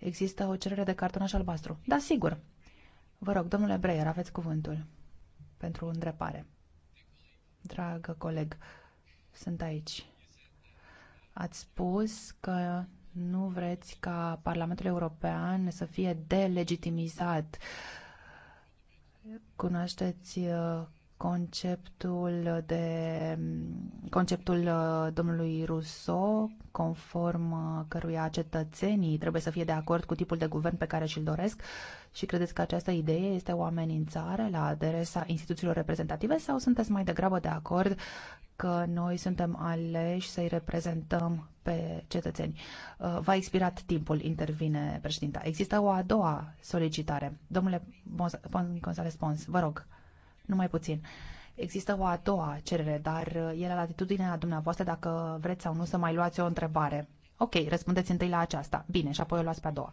Există o cerere de cartonaș albastru. Da, sigur. Vă rog, domnule Breyer, aveți cuvântul pentru îndrepare. Dragă coleg, sunt aici. Ați spus că nu vreți ca Parlamentul European să fie delegitimizat. Cunoașteți uh, conceptul, de, conceptul uh, domnului Rousseau, conform uh, căruia cetățenii trebuie să fie de acord cu tipul de guvern pe care și-l doresc și credeți că această idee este o amenințare la adresa instituțiilor reprezentative sau sunteți mai degrabă de acord că noi suntem aleși să-i reprezentăm pe cetățeni. Uh, v-a expirat timpul, intervine președinta. Există o a doua solicitare. Domnule González Pons, vă rog numai puțin. Există o a doua cerere, dar e la latitudinea dumneavoastră dacă vreți sau nu să mai luați o întrebare. Ok, răspundeți întâi la aceasta. Bine, și apoi o luați pe a doua.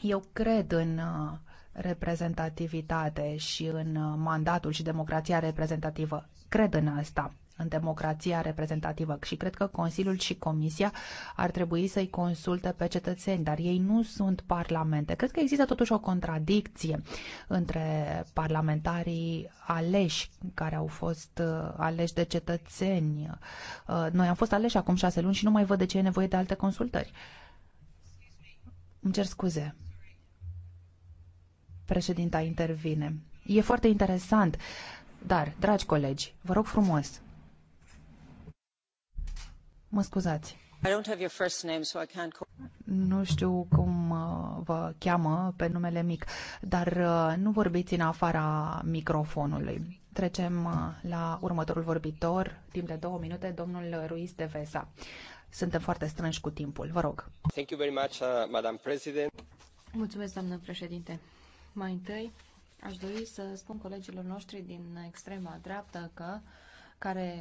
Eu cred în uh, reprezentativitate și în uh, mandatul și democrația reprezentativă. Cred în asta în democrația reprezentativă și cred că Consiliul și Comisia ar trebui să-i consulte pe cetățeni, dar ei nu sunt parlamente. Cred că există totuși o contradicție între parlamentarii aleși care au fost uh, aleși de cetățeni. Uh, noi am fost aleși acum șase luni și nu mai văd de ce e nevoie de alte consultări. Îmi cer scuze. Președinta intervine. E foarte interesant, dar, dragi colegi, vă rog frumos, Mă scuzați. Nu știu cum uh, vă cheamă pe numele mic, dar uh, nu vorbiți în afara microfonului. Trecem uh, la următorul vorbitor, timp de două minute, domnul Ruiz de Vesa. Suntem foarte strânși cu timpul, vă rog. Thank you very much, Madam President. Mulțumesc, doamnă președinte. Mai întâi, aș dori să spun colegilor noștri din extrema dreaptă că uh, care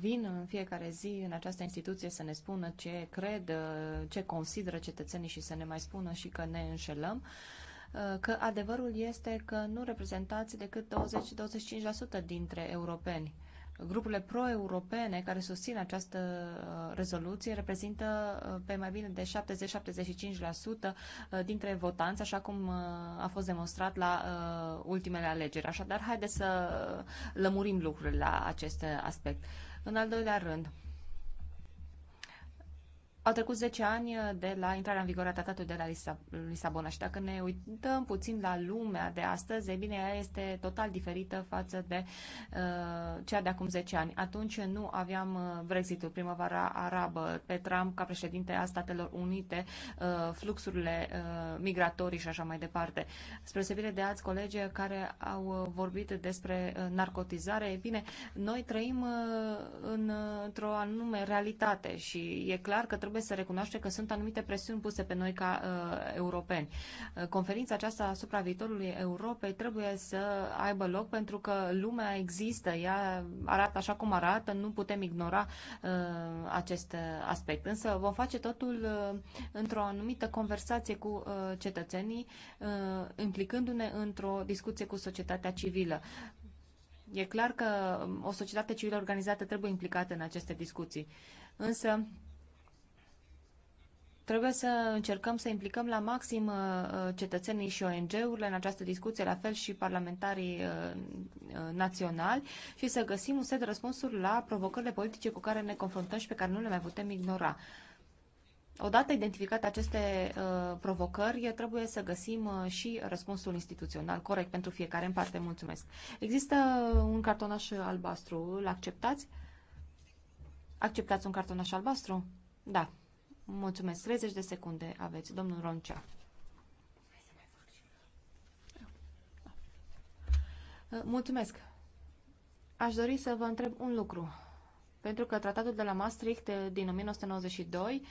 vin în fiecare zi în această instituție să ne spună ce cred, ce consideră cetățenii și să ne mai spună și că ne înșelăm, că adevărul este că nu reprezentați decât 20-25% dintre europeni. Grupurile pro-europene care susțin această uh, rezoluție reprezintă uh, pe mai bine de 70-75% uh, dintre votanți, așa cum a fost demonstrat la ultimele alegeri. Așadar, haideți să lămurim lucrurile la acest aspect. În al doilea rând, au trecut 10 ani uh, de la intrarea în vigoare a tratatului de la Lisabona și dacă ne uităm puțin la lumea de astăzi, e bine, ea este total diferită față de uh, cea de acum 10 ani. Atunci nu aveam uh, Brexitul, primăvara arabă, pe Trump ca președinte a Statelor Unite, uh, fluxurile uh, migratorii și așa mai departe. Spre osebire de alți colegi care au uh, vorbit despre narcotizare, e bine, noi trăim uh, în, într-o anume realitate și e clar că trebuie trebuie să recunoaște că sunt anumite presiuni puse pe noi ca uh, europeni. Uh, conferința aceasta asupra viitorului Europei trebuie să aibă loc pentru că lumea există, ea arată așa cum arată, nu putem ignora uh, acest aspect. Însă vom face totul uh, într-o anumită conversație cu uh, cetățenii, uh, implicându-ne într-o discuție cu societatea civilă. E clar că o societate civilă organizată trebuie implicată în aceste discuții. Însă, Trebuie să încercăm să implicăm la maxim uh, uh, cetățenii și ONG-urile în această discuție, la fel și parlamentarii uh, naționali și să găsim un set de răspunsuri la provocările politice cu care ne confruntăm și pe care nu le mai putem ignora. Odată identificate aceste uh, provocări, trebuie să găsim uh, și răspunsul instituțional corect pentru fiecare în parte. Mulțumesc. Există un cartonaș albastru. Îl acceptați? Acceptați un cartonaș albastru? Da. Mulțumesc. 30 de secunde aveți. Domnul Roncea. Mulțumesc. Aș dori să vă întreb un lucru. Pentru că tratatul de la Maastricht eh, din 1992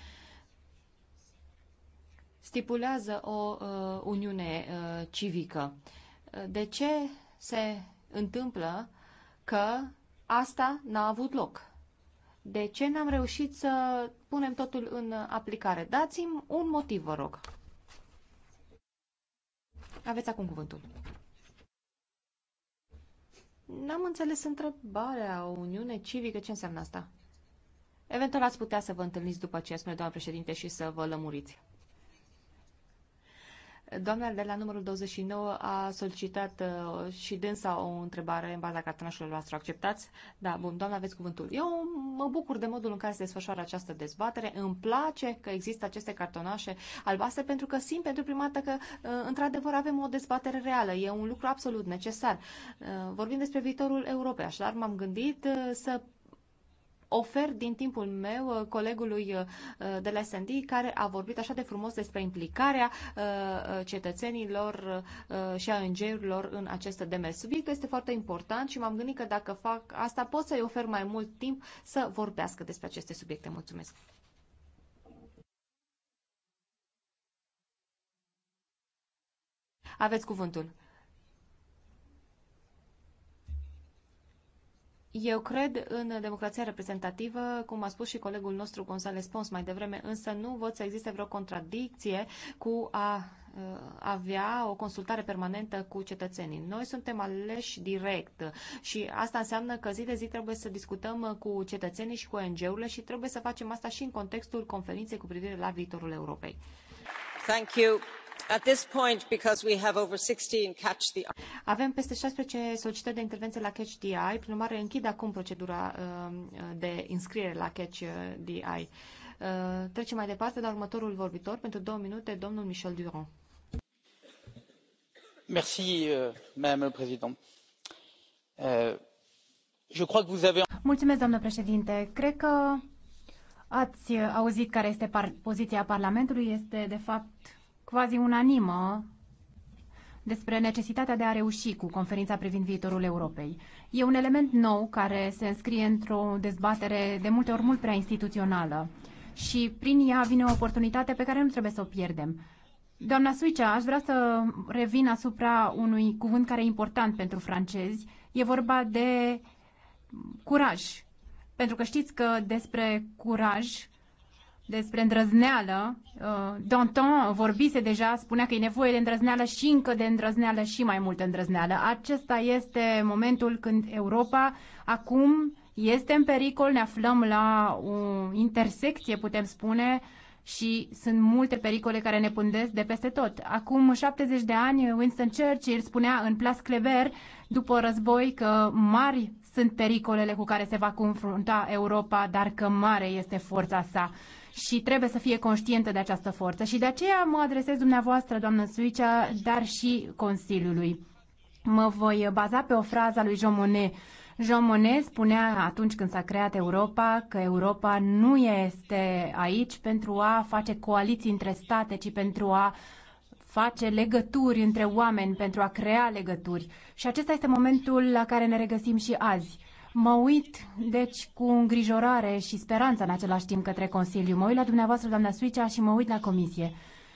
stipulează o uh, uniune uh, civică. De ce se întâmplă că asta n-a avut loc? de ce n-am reușit să punem totul în aplicare? Dați-mi un motiv, vă rog. Aveți acum cuvântul. N-am înțeles întrebarea o Uniune Civică. Ce înseamnă asta? Eventual ați putea să vă întâlniți după aceea, spune doamna președinte, și să vă lămuriți. Doamna de la numărul 29 a solicitat uh, și dânsa o întrebare în baza cartonașului noastră. Acceptați? Da, bun, doamna, aveți cuvântul. Eu mă bucur de modul în care se desfășoară această dezbatere. Îmi place că există aceste cartonașe albastre pentru că simt pentru prima dată că, uh, într-adevăr, avem o dezbatere reală. E un lucru absolut necesar. Uh, vorbim despre viitorul Europei, așadar m-am gândit să ofer din timpul meu uh, colegului uh, de la S&D care a vorbit așa de frumos despre implicarea uh, cetățenilor și a îngerilor în acest demers. Subiectul este foarte important și m-am gândit că dacă fac asta pot să-i ofer mai mult timp să vorbească despre aceste subiecte. Mulțumesc! Aveți cuvântul. Eu cred în democrația reprezentativă, cum a spus și colegul nostru González Pons mai devreme, însă nu văd să existe vreo contradicție cu a uh, avea o consultare permanentă cu cetățenii. Noi suntem aleși direct și asta înseamnă că zi de zi trebuie să discutăm cu cetățenii și cu ONG-urile și trebuie să facem asta și în contextul conferinței cu privire la viitorul Europei. Thank you. Avem peste 16 solicitări de intervenție la Catch DI, prin urmare închid acum procedura uh, de înscriere la Catch DI. Uh, uh, trecem mai departe la următorul vorbitor, pentru două minute, domnul Michel Durand. Merci, euh, Madame Présidente. Euh, je crois que vous avez... Mulțumesc, doamnă președinte. Cred că ați auzit care este par- poziția Parlamentului. Este, de fapt, quasi unanimă despre necesitatea de a reuși cu conferința privind viitorul Europei. E un element nou care se înscrie într-o dezbatere de multe ori mult prea instituțională și prin ea vine o oportunitate pe care nu trebuie să o pierdem. Doamna Suicea, aș vrea să revin asupra unui cuvânt care e important pentru francezi. E vorba de curaj. Pentru că știți că despre curaj despre îndrăzneală. Uh, Danton vorbise deja, spunea că e nevoie de îndrăzneală și încă de îndrăzneală și mai multă îndrăzneală. Acesta este momentul când Europa acum este în pericol, ne aflăm la o intersecție, putem spune, și sunt multe pericole care ne pândesc de peste tot. Acum 70 de ani, Winston Churchill spunea în Place Clever, după război, că mari sunt pericolele cu care se va confrunta Europa, dar că mare este forța sa și trebuie să fie conștientă de această forță și de aceea mă adresez dumneavoastră, doamnă Suicea, dar și Consiliului. Mă voi baza pe o frază a lui Jean Monnet. Jean Monnet spunea atunci când s-a creat Europa că Europa nu este aici pentru a face coaliții între state, ci pentru a face legături între oameni, pentru a crea legături. Și acesta este momentul la care ne regăsim și azi. Mă uit, deci, cu îngrijorare și speranță în același timp către Consiliu. Mă uit la dumneavoastră, doamna Suicea, și mă uit la Comisie.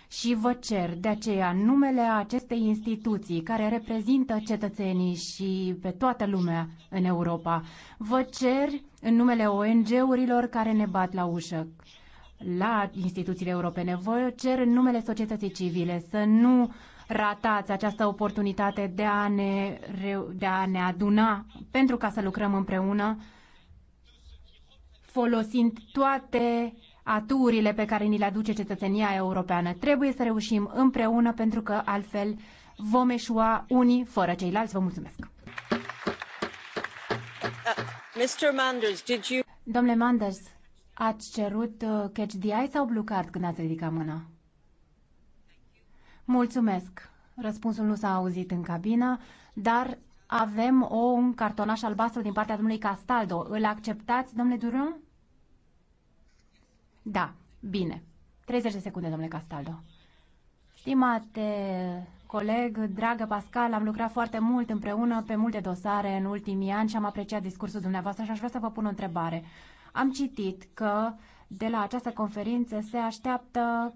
Și vă cer, de aceea, numele acestei instituții care reprezintă cetățenii și pe toată lumea în Europa, vă cer în numele ONG-urilor care ne bat la ușă, la instituțiile europene, vă cer în numele societății civile să nu ratați această oportunitate de a ne, de a ne aduna pentru ca să lucrăm împreună, folosind toate aturile pe care ni le aduce cetățenia europeană. Trebuie să reușim împreună pentru că altfel vom eșua unii fără ceilalți. Vă mulțumesc! Uh, Mr. Manders, did you... Domnule Manders, ați cerut uh, catch the eye sau blue card când ați ridicat mâna? Mulțumesc. Răspunsul nu s-a auzit în cabină, dar avem o, un cartonaș albastru din partea domnului Castaldo. Îl acceptați, domnule Durum? Da, bine. 30 de secunde, domnule Castaldo. Stimate coleg, dragă Pascal, am lucrat foarte mult împreună pe multe dosare în ultimii ani și am apreciat discursul dumneavoastră și aș vrea să vă pun o întrebare. Am citit că de la această conferință se așteaptă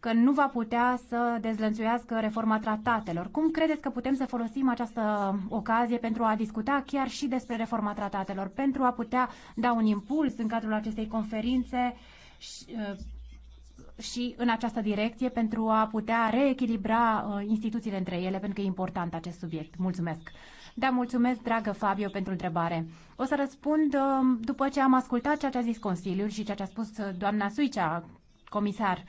că nu va putea să dezlănțuiască reforma tratatelor. Cum credeți că putem să folosim această ocazie pentru a discuta chiar și despre reforma tratatelor, pentru a putea da un impuls în cadrul acestei conferințe și, uh, și în această direcție pentru a putea reechilibra uh, instituțiile între ele, pentru că e important acest subiect. Mulțumesc! Da, mulțumesc, dragă Fabio, pentru întrebare. O să răspund uh, după ce am ascultat ceea ce a zis Consiliul și ceea ce a spus doamna Suicea, comisar.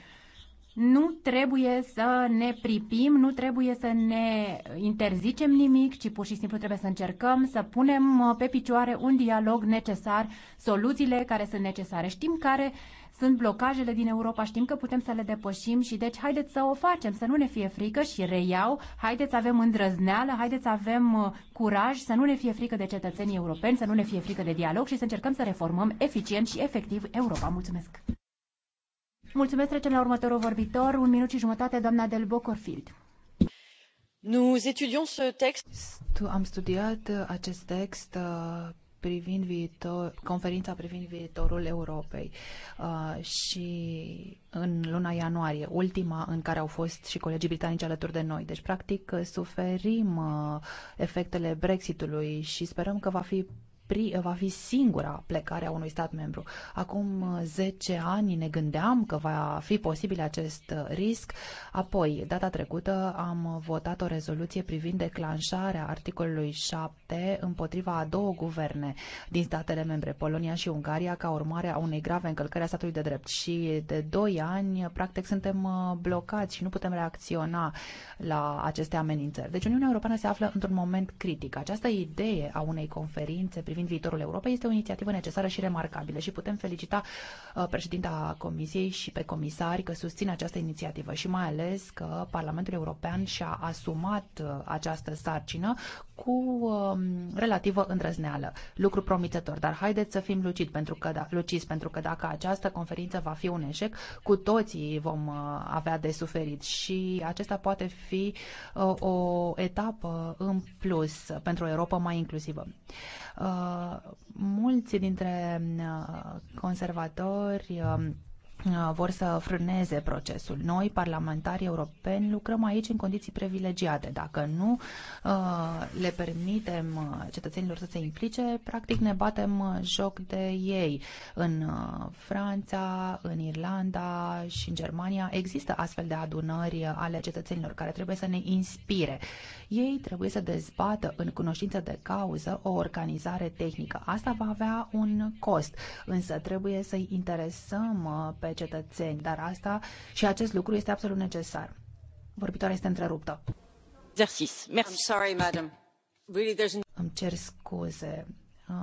Nu trebuie să ne pripim, nu trebuie să ne interzicem nimic, ci pur și simplu trebuie să încercăm să punem uh, pe picioare un dialog necesar, soluțiile care sunt necesare. Știm care sunt blocajele din Europa, știm că putem să le depășim și deci haideți să o facem, să nu ne fie frică și reiau, haideți să avem îndrăzneală, haideți să avem uh, curaj, să nu ne fie frică de cetățenii europeni, să nu ne fie frică de dialog și să încercăm să reformăm eficient și efectiv Europa. Mulțumesc! Mulțumesc, trecem la următorul vorbitor. Un minut și jumătate, doamna Del Bocorfield. Nous étudions ce texte. Am studiat uh, acest text uh, privind viitor, conferința privind viitorul Europei uh, și în luna ianuarie, ultima în care au fost și colegii britanici alături de noi. Deci, practic, suferim uh, efectele Brexitului și sperăm că va fi pri, va fi singura plecare a unui stat membru. Acum 10 uh, ani ne gândeam că va fi posibil acest uh, risc. Apoi, data trecută, am votat o rezoluție privind declanșarea articolului 7 împotriva a două guverne din statele membre, Polonia și Ungaria, ca urmare a unei grave încălcări a statului de drept. Și de 2 ani, practic, suntem uh, blocați și nu putem reacționa la aceste amenințări. Deci Uniunea Europeană se află într-un moment critic. Această idee a unei conferințe privind privind viitorul Europei este o inițiativă necesară și remarcabilă și putem felicita uh, președinta Comisiei și pe comisari că susțin această inițiativă și mai ales că Parlamentul European și-a asumat uh, această sarcină cu um, relativă îndrăzneală. Lucru promițător, dar haideți să fim lucid pentru că, da, lucis, pentru că dacă această conferință va fi un eșec, cu toții vom uh, avea de suferit și acesta poate fi o etapă în plus pentru o Europa mai inclusivă mulți dintre uh, conservatori um, Uh, vor să frâneze procesul. Noi, parlamentarii europeni, lucrăm aici în condiții privilegiate. Dacă nu uh, le permitem uh, cetățenilor să se implice, practic ne batem joc de ei. În Franța, în Irlanda și în Germania există astfel de adunări ale cetățenilor care trebuie să ne inspire. Ei trebuie să dezbată în cunoștință de cauză o organizare tehnică. Asta va avea un cost, însă trebuie să-i interesăm pe pe cetățeni, dar asta și acest lucru este absolut necesar. Vorbitoarea este întreruptă. Îmi cer scuze. Uh,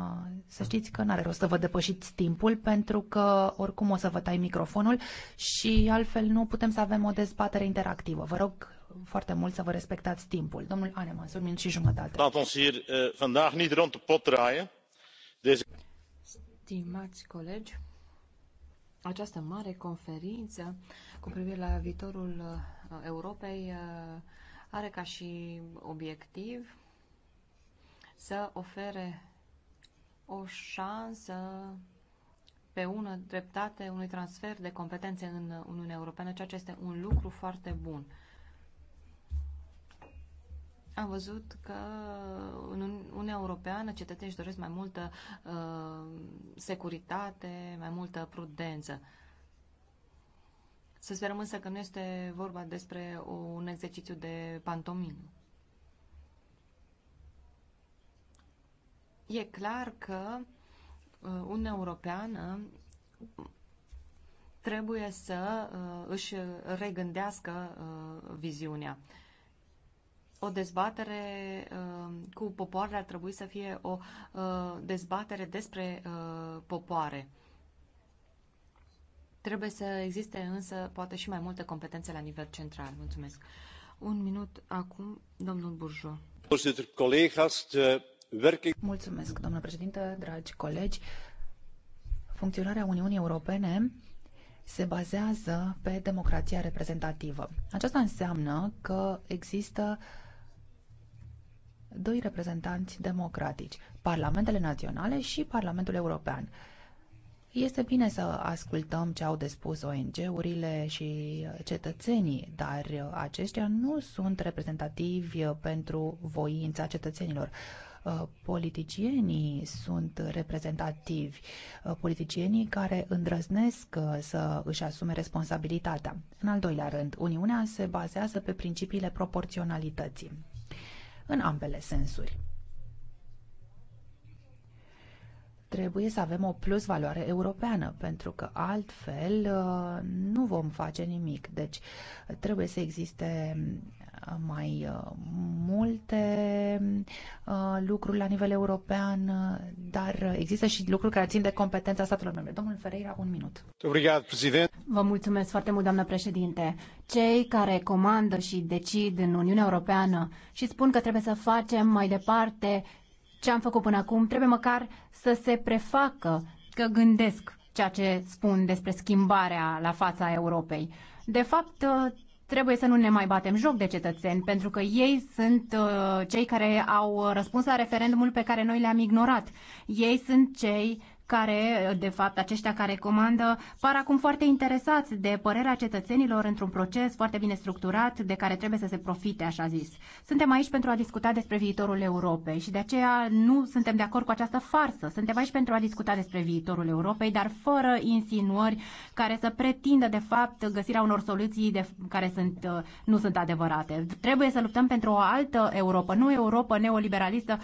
să știți că n-are rost să vă depășiți timpul pentru că oricum o să vă tai microfonul și altfel nu putem să avem o dezbatere interactivă. Vă rog foarte mult să vă respectați timpul. Domnul Anema, un minut și jumătate. Eh, Stimați colegi, această mare conferință cu privire la viitorul uh, Europei uh, are ca și obiectiv să ofere o șansă pe ună dreptate unui transfer de competențe în Uniunea Europeană, ceea ce este un lucru foarte bun. Am văzut că în Uniunea Europeană cetățenii își doresc mai multă uh, securitate, mai multă prudență. Să sperăm însă că nu este vorba despre un exercițiu de pantomim. E clar că uh, Uniunea Europeană trebuie să uh, își regândească uh, viziunea. Uh, o dezbatere uh, cu popoarele ar trebui să fie o uh, dezbatere despre uh, popoare. Trebuie să existe însă poate și mai multe competențe la nivel central. Mulțumesc. Un minut acum, domnul Burjo. Mulțumesc, domnule președinte, dragi colegi. Funcționarea Uniunii Europene se bazează pe democrația reprezentativă. Aceasta înseamnă că există uh, doi reprezentanți democratici, Parlamentele Naționale și Parlamentul European. Este bine să ascultăm ce au de spus ONG-urile și cetățenii, dar aceștia nu sunt reprezentativi pentru voința cetățenilor. Uh, politicienii sunt reprezentativi, uh, politicienii care îndrăznesc uh, să își asume responsabilitatea. În al doilea rând, Uniunea se bazează pe principiile proporționalității în ambele sensuri. Trebuie să avem o plus valoare europeană, pentru că altfel uh, nu vom face nimic. Deci trebuie să existe mai uh, multe uh, lucruri la nivel european, uh, dar există și lucruri care țin de competența statelor membre. Domnul Ferreira, un minut. Vă mulțumesc foarte mult, doamnă președinte. Cei care comandă și decid în Uniunea Europeană și spun că trebuie să facem mai departe ce am făcut până acum, trebuie măcar să se prefacă că gândesc ceea ce spun despre schimbarea la fața Europei. De fapt, Trebuie să nu ne mai batem joc de cetățeni, pentru că ei sunt uh, cei care au răspuns la referendumul pe care noi le-am ignorat. Ei sunt cei care, de fapt, aceștia care comandă, par acum foarte interesați de părerea cetățenilor într-un proces foarte bine structurat, de care trebuie să se profite, așa zis. Suntem aici pentru a discuta despre viitorul Europei și de aceea nu suntem de acord cu această farsă. Suntem aici pentru a discuta despre viitorul Europei, dar fără insinuări care să pretindă, de fapt, găsirea unor soluții de, care sunt, uh, nu sunt adevărate. Trebuie să luptăm pentru o altă Europa, nu Europa neoliberalistă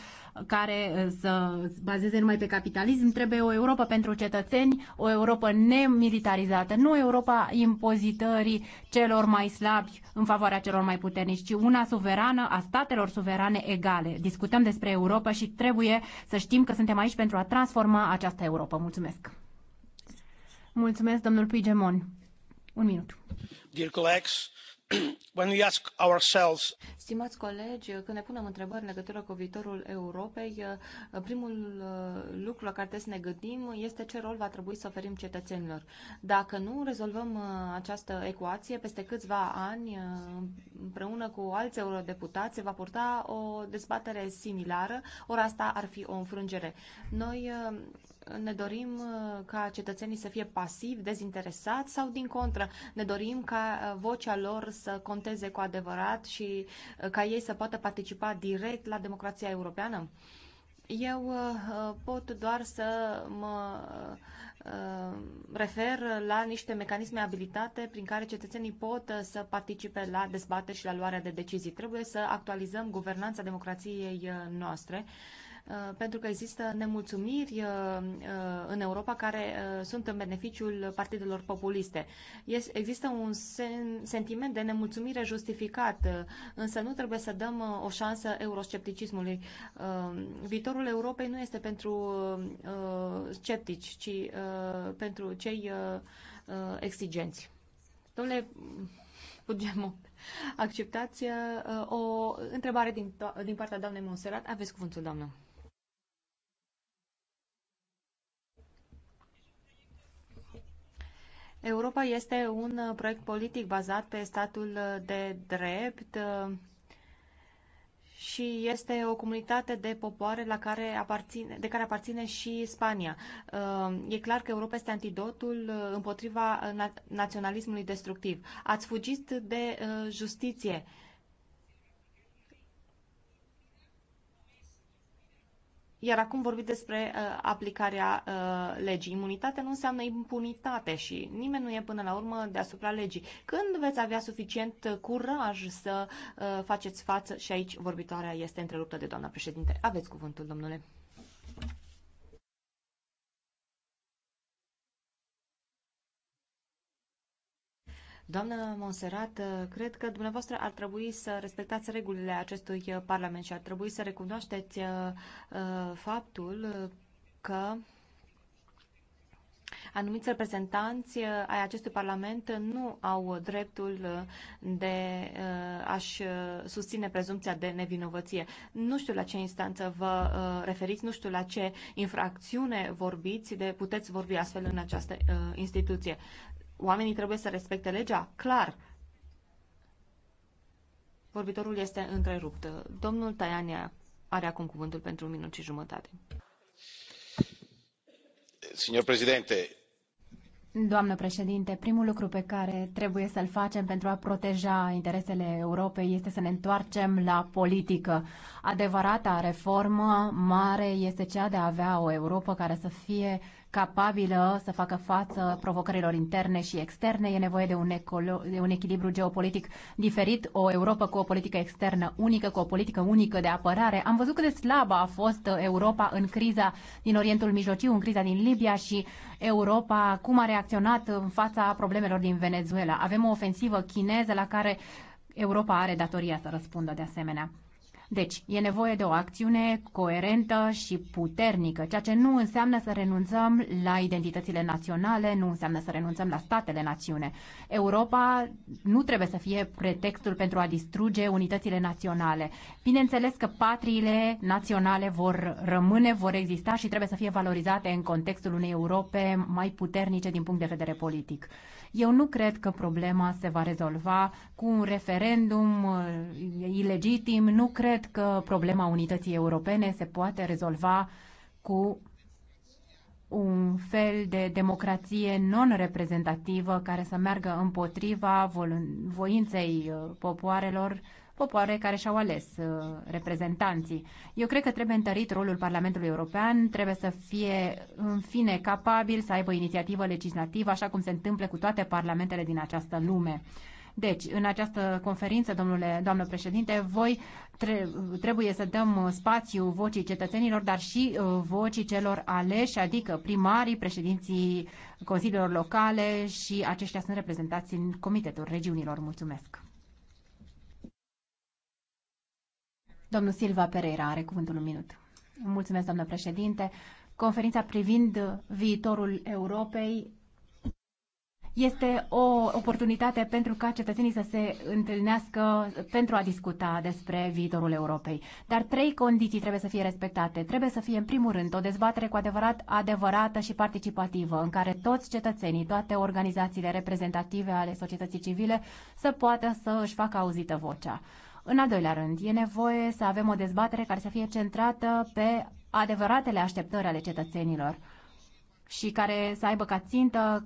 care uh, să bazeze numai pe capitalism, trebuie o Europa pentru cetățeni, o Europa nemilitarizată, nu Europa impozitării celor mai slabi în favoarea celor mai puternici, ci una suverană a statelor suverane egale. Discutăm despre Europa și trebuie să știm că suntem aici pentru a transforma această Europa. Mulțumesc! Mulțumesc, domnul Pigemon. Un minut. Dear colleagues, When we ask ourselves... Stimați colegi, când ne punem întrebări în legătură cu viitorul Europei, primul uh, lucru la care trebuie să ne gândim este ce rol va trebui să oferim cetățenilor. Dacă nu rezolvăm uh, această ecuație, peste câțiva ani, uh, împreună cu alți eurodeputați, se va purta o dezbatere similară, ori asta ar fi o înfrângere. Noi ne dorim ca cetățenii să fie pasivi, dezinteresați sau, din contră, ne dorim ca vocea lor să conteze cu adevărat și uh, ca ei să poată participa direct la democrația europeană? Eu uh, uh, pot doar să mă refer la niște mecanisme abilitate prin care cetățenii pot să participe la dezbateri și la luarea de decizii. Trebuie să actualizăm guvernanța democrației noastre Uh, pentru că există nemulțumiri uh, uh, în Europa care sunt în beneficiul partidelor populiste. Există un sentiment de nemulțumire justificat, însă nu trebuie să dăm o șansă euroscepticismului. Viitorul Europei nu este pentru sceptici, ci pentru cei exigenți. Domnule Pugemo, acceptați o întrebare din, din partea doamnei Monserrat. Aveți cuvântul, doamnă. Europa este un uh, proiect politic bazat pe statul uh, de drept uh, și este o comunitate de popoare la care aparține, de care aparține și Spania. E clar că Europa este antidotul împotriva naționalismului destructiv. Ați fugit de justiție Iar acum vorbim despre uh, aplicarea uh, legii. Imunitate nu înseamnă impunitate și nimeni nu e până la urmă deasupra legii. Când veți avea suficient curaj să uh, faceți față, și aici vorbitoarea este întreruptă de doamna președinte, aveți cuvântul, domnule. Doamnă Monserat, cred că dumneavoastră ar trebui să respectați regulile acestui uh, Parlament și ar trebui să recunoașteți uh, uh, faptul că anumiți reprezentanți ai acestui Parlament nu au dreptul de a-și susține prezumția de nevinovăție. Nu știu la ce instanță vă referiți, nu știu la ce infracțiune vorbiți, de puteți vorbi astfel în această instituție. Oamenii trebuie să respecte legea, clar. Vorbitorul este întrerupt. Domnul Taiania are acum cuvântul pentru un minut și jumătate. Signor președinte, Doamnă președinte, primul lucru pe care trebuie să-l facem pentru a proteja interesele Europei este să ne întoarcem la politică. Adevărata reformă mare este cea de a avea o Europa care să fie capabilă să facă față provocărilor interne și externe. E nevoie de un, ecolo- de un echilibru geopolitic diferit, o Europa cu o politică externă unică, cu o politică unică de apărare. Am văzut cât de slabă a fost Europa în criza din Orientul Mijlociu, în criza din Libia și Europa cum a reacționat în fața problemelor din Venezuela. Avem o ofensivă chineză la care Europa are datoria să răspundă de asemenea. Deci, e nevoie de o acțiune coerentă și puternică, ceea ce nu înseamnă să renunțăm la identitățile naționale, nu înseamnă să renunțăm la statele națiune. Europa nu trebuie să fie pretextul pentru a distruge unitățile naționale. Bineînțeles că patriile naționale vor rămâne, vor exista și trebuie să fie valorizate în contextul unei Europe mai puternice din punct de vedere politic. Eu nu cred că problema se va rezolva cu un referendum uh, ilegitim, nu cred că problema unității europene se poate rezolva cu un fel de democrație non-reprezentativă care să meargă împotriva voinței uh, popoarelor popoare care și-au ales uh, reprezentanții. Eu cred că trebuie întărit rolul Parlamentului European, trebuie să fie, în fine, capabil să aibă inițiativă legislativă, așa cum se întâmplă cu toate parlamentele din această lume. Deci, în această conferință, domnule, doamnă președinte, voi tre- trebuie să dăm spațiu vocii cetățenilor, dar și uh, vocii celor aleși, adică primarii, președinții consiliilor locale și aceștia sunt reprezentați în Comitetul Regiunilor. Mulțumesc! Domnul Silva Pereira are cuvântul un minut. Mulțumesc, doamnă președinte. Conferința privind viitorul Europei este o oportunitate pentru ca cetățenii să se întâlnească pentru a discuta despre viitorul Europei. Dar trei condiții trebuie să fie respectate. Trebuie să fie, în primul rând, o dezbatere cu adevărat adevărată și participativă, în care toți cetățenii, toate organizațiile reprezentative ale societății civile să poată să își facă auzită vocea. În al doilea rând, e nevoie să avem o dezbatere care să fie centrată pe adevăratele așteptări ale cetățenilor și care să aibă ca țintă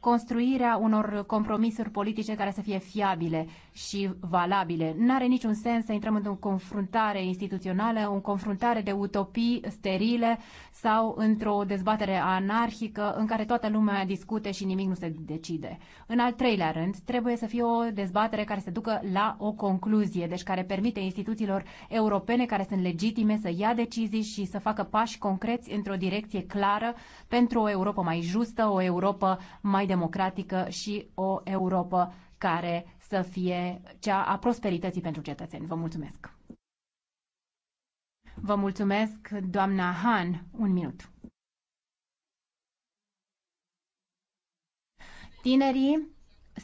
construirea unor compromisuri politice care să fie fiabile și valabile. N-are niciun sens să intrăm într-o confruntare instituțională, o confruntare de utopii sterile sau într-o dezbatere anarhică în care toată lumea discute și nimic nu se decide. În al treilea rând, trebuie să fie o dezbatere care se ducă la o concluzie, deci care permite instituțiilor europene care sunt legitime să ia decizii și să facă pași concreți într-o direcție clară pentru o Europa mai justă, o Europa mai democratică și o Europa care să fie cea a prosperității pentru cetățeni. Vă mulțumesc! Vă mulțumesc, doamna Han, un minut. Tinerii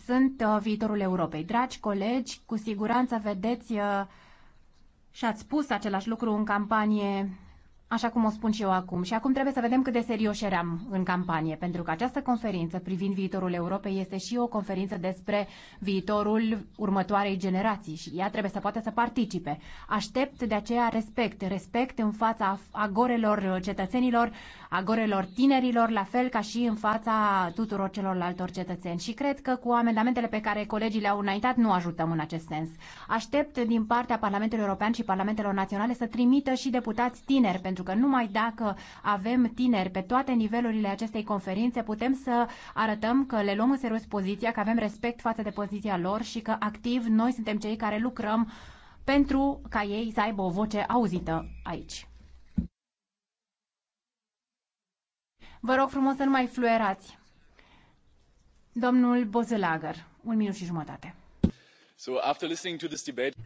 sunt uh, viitorul Europei. Dragi colegi, cu siguranță vedeți uh, și ați spus același lucru în campanie așa cum o spun și eu acum. Și acum trebuie să vedem cât de serioși eram în campanie, pentru că această conferință privind viitorul Europei este și o conferință despre viitorul următoarei generații și ea trebuie să poată să participe. Aștept de aceea respect, respect în fața agorelor cetățenilor, a tinerilor, la fel ca și în fața tuturor celorlaltor cetățeni. Și cred că cu amendamentele pe care colegii le-au înaintat nu ajutăm în acest sens. Aștept din partea Parlamentului European și Parlamentelor Naționale să trimită și deputați tineri, pentru că numai dacă avem tineri pe toate nivelurile acestei conferințe, putem să arătăm că le luăm în serios poziția, că avem respect față de poziția lor și că activ noi suntem cei care lucrăm pentru ca ei să aibă o voce auzită aici. Vă rog frumos să nu mai fluierați. Domnul Bozelager, un minut și jumătate.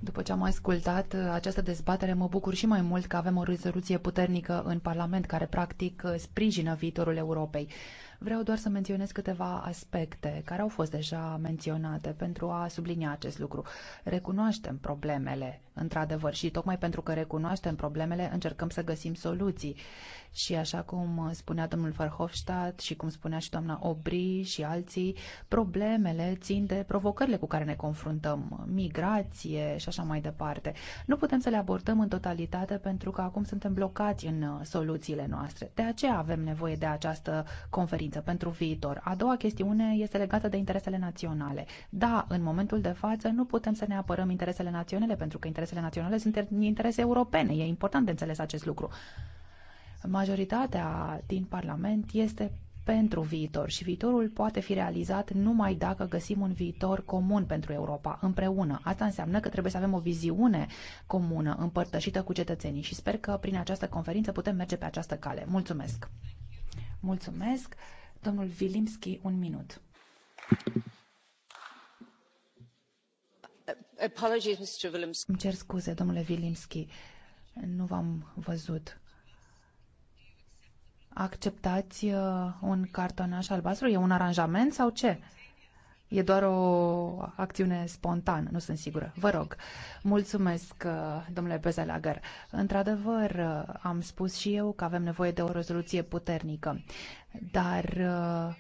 După ce am ascultat uh, această dezbatere, mă bucur și mai mult că avem o rezoluție puternică în Parlament care practic uh, sprijină viitorul Europei. Vreau doar să menționez câteva aspecte care au fost deja menționate pentru a sublinia acest lucru. Recunoaștem problemele, într-adevăr, și tocmai pentru că recunoaștem problemele, încercăm să găsim soluții. Și așa cum spunea domnul Verhofstadt și cum spunea și doamna Obri și alții, problemele țin de provocările cu care ne confruntăm, migrație și așa mai departe. Nu putem să le abordăm în totalitate pentru că acum suntem blocați în soluțiile noastre. De aceea avem nevoie de această conferință referință pentru viitor. A doua chestiune este legată de interesele naționale. Da, în momentul de față nu putem să ne apărăm interesele naționale, pentru că interesele naționale sunt interese europene. E important de înțeles acest lucru. Majoritatea din Parlament este pentru viitor și viitorul poate fi realizat numai dacă găsim un viitor comun pentru Europa, împreună. Asta înseamnă că trebuie să avem o viziune comună, împărtășită cu cetățenii și sper că prin această conferință putem merge pe această cale. Mulțumesc! Mulțumesc! Domnul Vilimski, un minut. Apologies, Mr. Vilimski. Îmi cer scuze, domnule Vilimski. Nu v-am văzut. Acceptați uh, un cartonaș albastru? E un aranjament sau ce? E doar o acțiune spontană, nu sunt sigură. Vă rog, mulțumesc, uh, domnule Bezalagăr. Într-adevăr, uh, am spus și eu că avem nevoie de o rezoluție puternică, dar uh,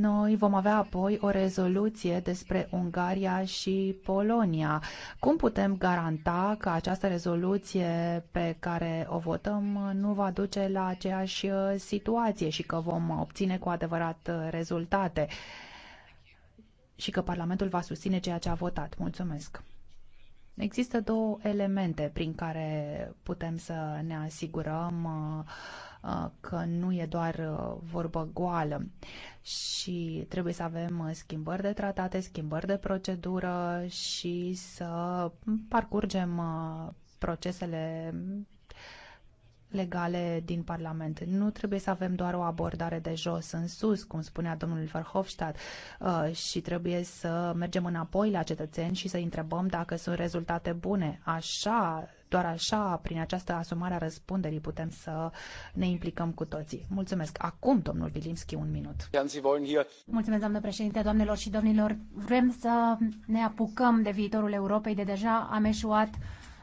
noi vom avea apoi o rezoluție despre Ungaria și Polonia. Cum putem garanta că această rezoluție pe care o votăm nu va duce la aceeași uh, situație și că vom obține cu adevărat uh, rezultate și că Parlamentul va susține ceea ce a votat? Mulțumesc! Există două elemente prin care putem să ne asigurăm uh, Uh, că nu e doar uh, vorbă goală și trebuie să avem uh, schimbări de tratate, schimbări de procedură și să parcurgem procesele legale din Parlament. Nu trebuie să avem doar o abordare de jos în sus, cum spunea domnul Verhofstadt, și trebuie să mergem înapoi la cetățeni și să întrebăm dacă sunt rezultate bune. Așa doar așa, prin această asumare a răspunderii, putem să ne implicăm cu toții. Mulțumesc. Acum, domnul Bilimski, un minut. Mulțumesc, doamnă președinte, doamnelor și domnilor. Vrem să ne apucăm de viitorul Europei, de deja am eșuat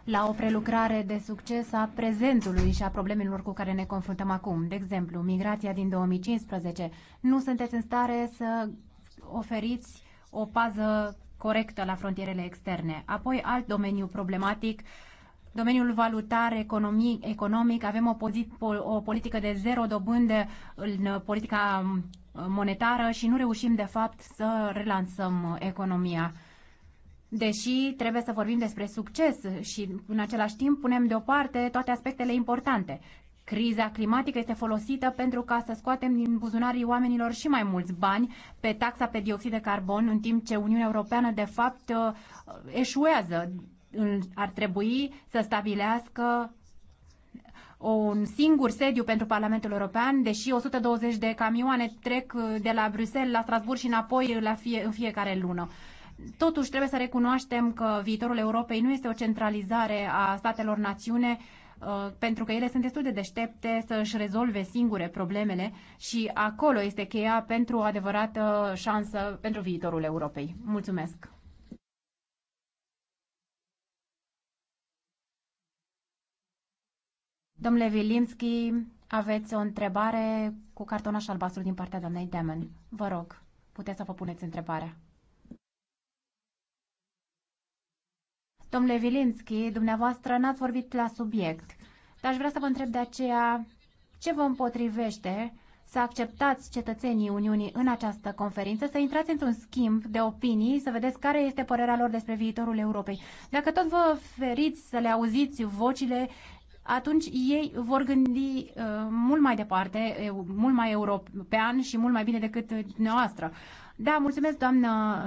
la o prelucrare de succes a prezentului și a problemelor cu care ne confruntăm acum. De exemplu, migrația din 2015. Nu sunteți în stare să oferiți o pază corectă la frontierele externe. Apoi, alt domeniu problematic domeniul valutar, economic, economic avem o, pozit, o politică de zero dobândă în politica um, monetară și nu reușim, de fapt, să relansăm economia. Deși trebuie să vorbim despre succes și, în același timp, punem deoparte toate aspectele importante. Criza climatică este folosită pentru ca să scoatem din buzunarii oamenilor și mai mulți bani pe taxa pe dioxid de carbon, în timp ce Uniunea Europeană, de fapt, uh, eșuează ar trebui să stabilească un singur sediu pentru Parlamentul European, deși 120 de camioane trec uh, de la Bruxelles la Strasburg și înapoi la fie, în fiecare lună. Totuși, trebuie să recunoaștem că viitorul Europei nu este o centralizare a statelor națiune, uh, pentru că ele sunt destul de deștepte să își rezolve singure problemele și acolo este cheia pentru o adevărată șansă pentru viitorul Europei. Mulțumesc! Domnule Vilimski, aveți o întrebare cu cartonaș albastru din partea doamnei Demen. Vă rog, puteți să vă puneți întrebarea. Domnule Vilimski, dumneavoastră n-ați vorbit la subiect, dar aș vrea să vă întreb de aceea ce vă împotrivește să acceptați cetățenii Uniunii în această conferință, să intrați într-un schimb de opinii, să vedeți care este părerea lor despre viitorul Europei. Dacă tot vă feriți să le auziți vocile atunci ei vor gândi uh, mult mai departe, mult mai european și mult mai bine decât uh, noastră. Da, mulțumesc, doamnă.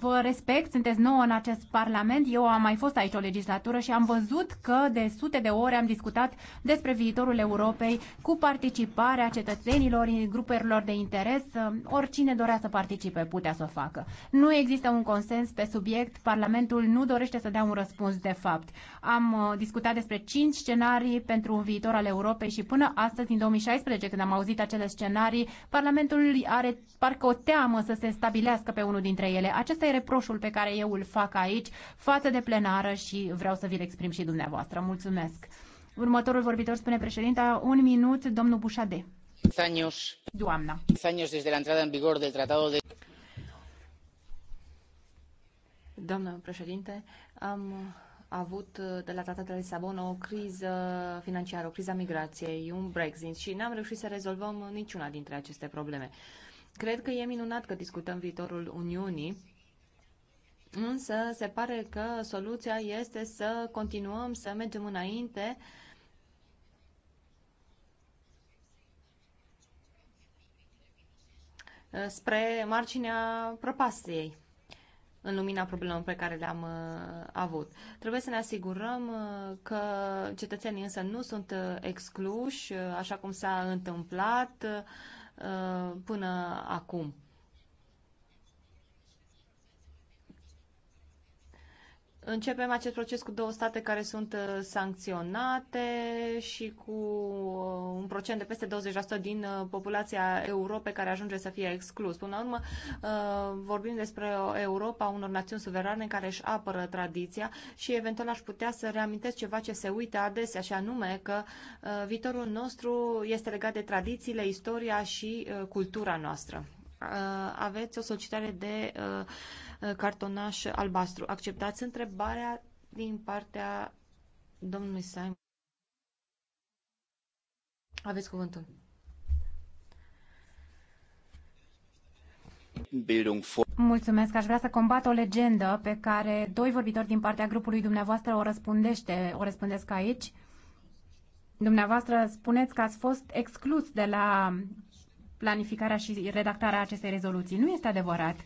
Vă respect, sunteți nouă în acest Parlament. Eu am mai fost aici o legislatură și am văzut că de sute de ore am discutat despre viitorul Europei cu participarea cetățenilor, grupurilor de interes. Oricine dorea să participe putea să o facă. Nu există un consens pe subiect. Parlamentul nu dorește să dea un răspuns de fapt. Am uh, discutat despre cinci scenarii pentru un viitor al Europei și până astăzi, în 2016, când am auzit acele scenarii, Parlamentul are parcă o teamă să se se stabilească pe unul dintre ele. Acesta e reproșul pe care eu îl fac aici față de plenară și vreau să vi-l exprim și dumneavoastră. Mulțumesc! Următorul vorbitor spune președinta, un minut, domnul Bușade. Años, Doamna. años desde la entrada en vigor del tratado de... președinte, am avut de la Tratatul de Lisabona o criză financiară, o criză a migrației, un Brexit și n-am reușit să rezolvăm niciuna dintre aceste probleme. Cred că e minunat că discutăm viitorul Uniunii, însă se pare că soluția este să continuăm să mergem înainte spre marginea prăpastiei în lumina problemelor pe care le-am uh, avut. Trebuie să ne asigurăm uh, că cetățenii însă nu sunt uh, excluși, așa cum s-a întâmplat. Uh, până acum. Începem acest proces cu două state care sunt uh, sancționate și cu uh, un procent de peste 20% din uh, populația Europei care ajunge să fie exclus. Până la urmă, vorbim despre Europa unor națiuni suverane care își apără tradiția și eventual aș putea să reamintesc ceva ce se uită adesea, și anume că viitorul nostru este legat de tradițiile, istoria și cultura noastră. Uh, aveți o solicitare de uh, cartonaș albastru. Acceptați întrebarea din partea domnului Simon. Aveți cuvântul. Mulțumesc, aș vrea să combat o legendă pe care doi vorbitori din partea grupului dumneavoastră o răspundește, o răspândesc aici. Dumneavoastră spuneți că ați fost exclus de la planificarea și redactarea acestei rezoluții. Nu este adevărat.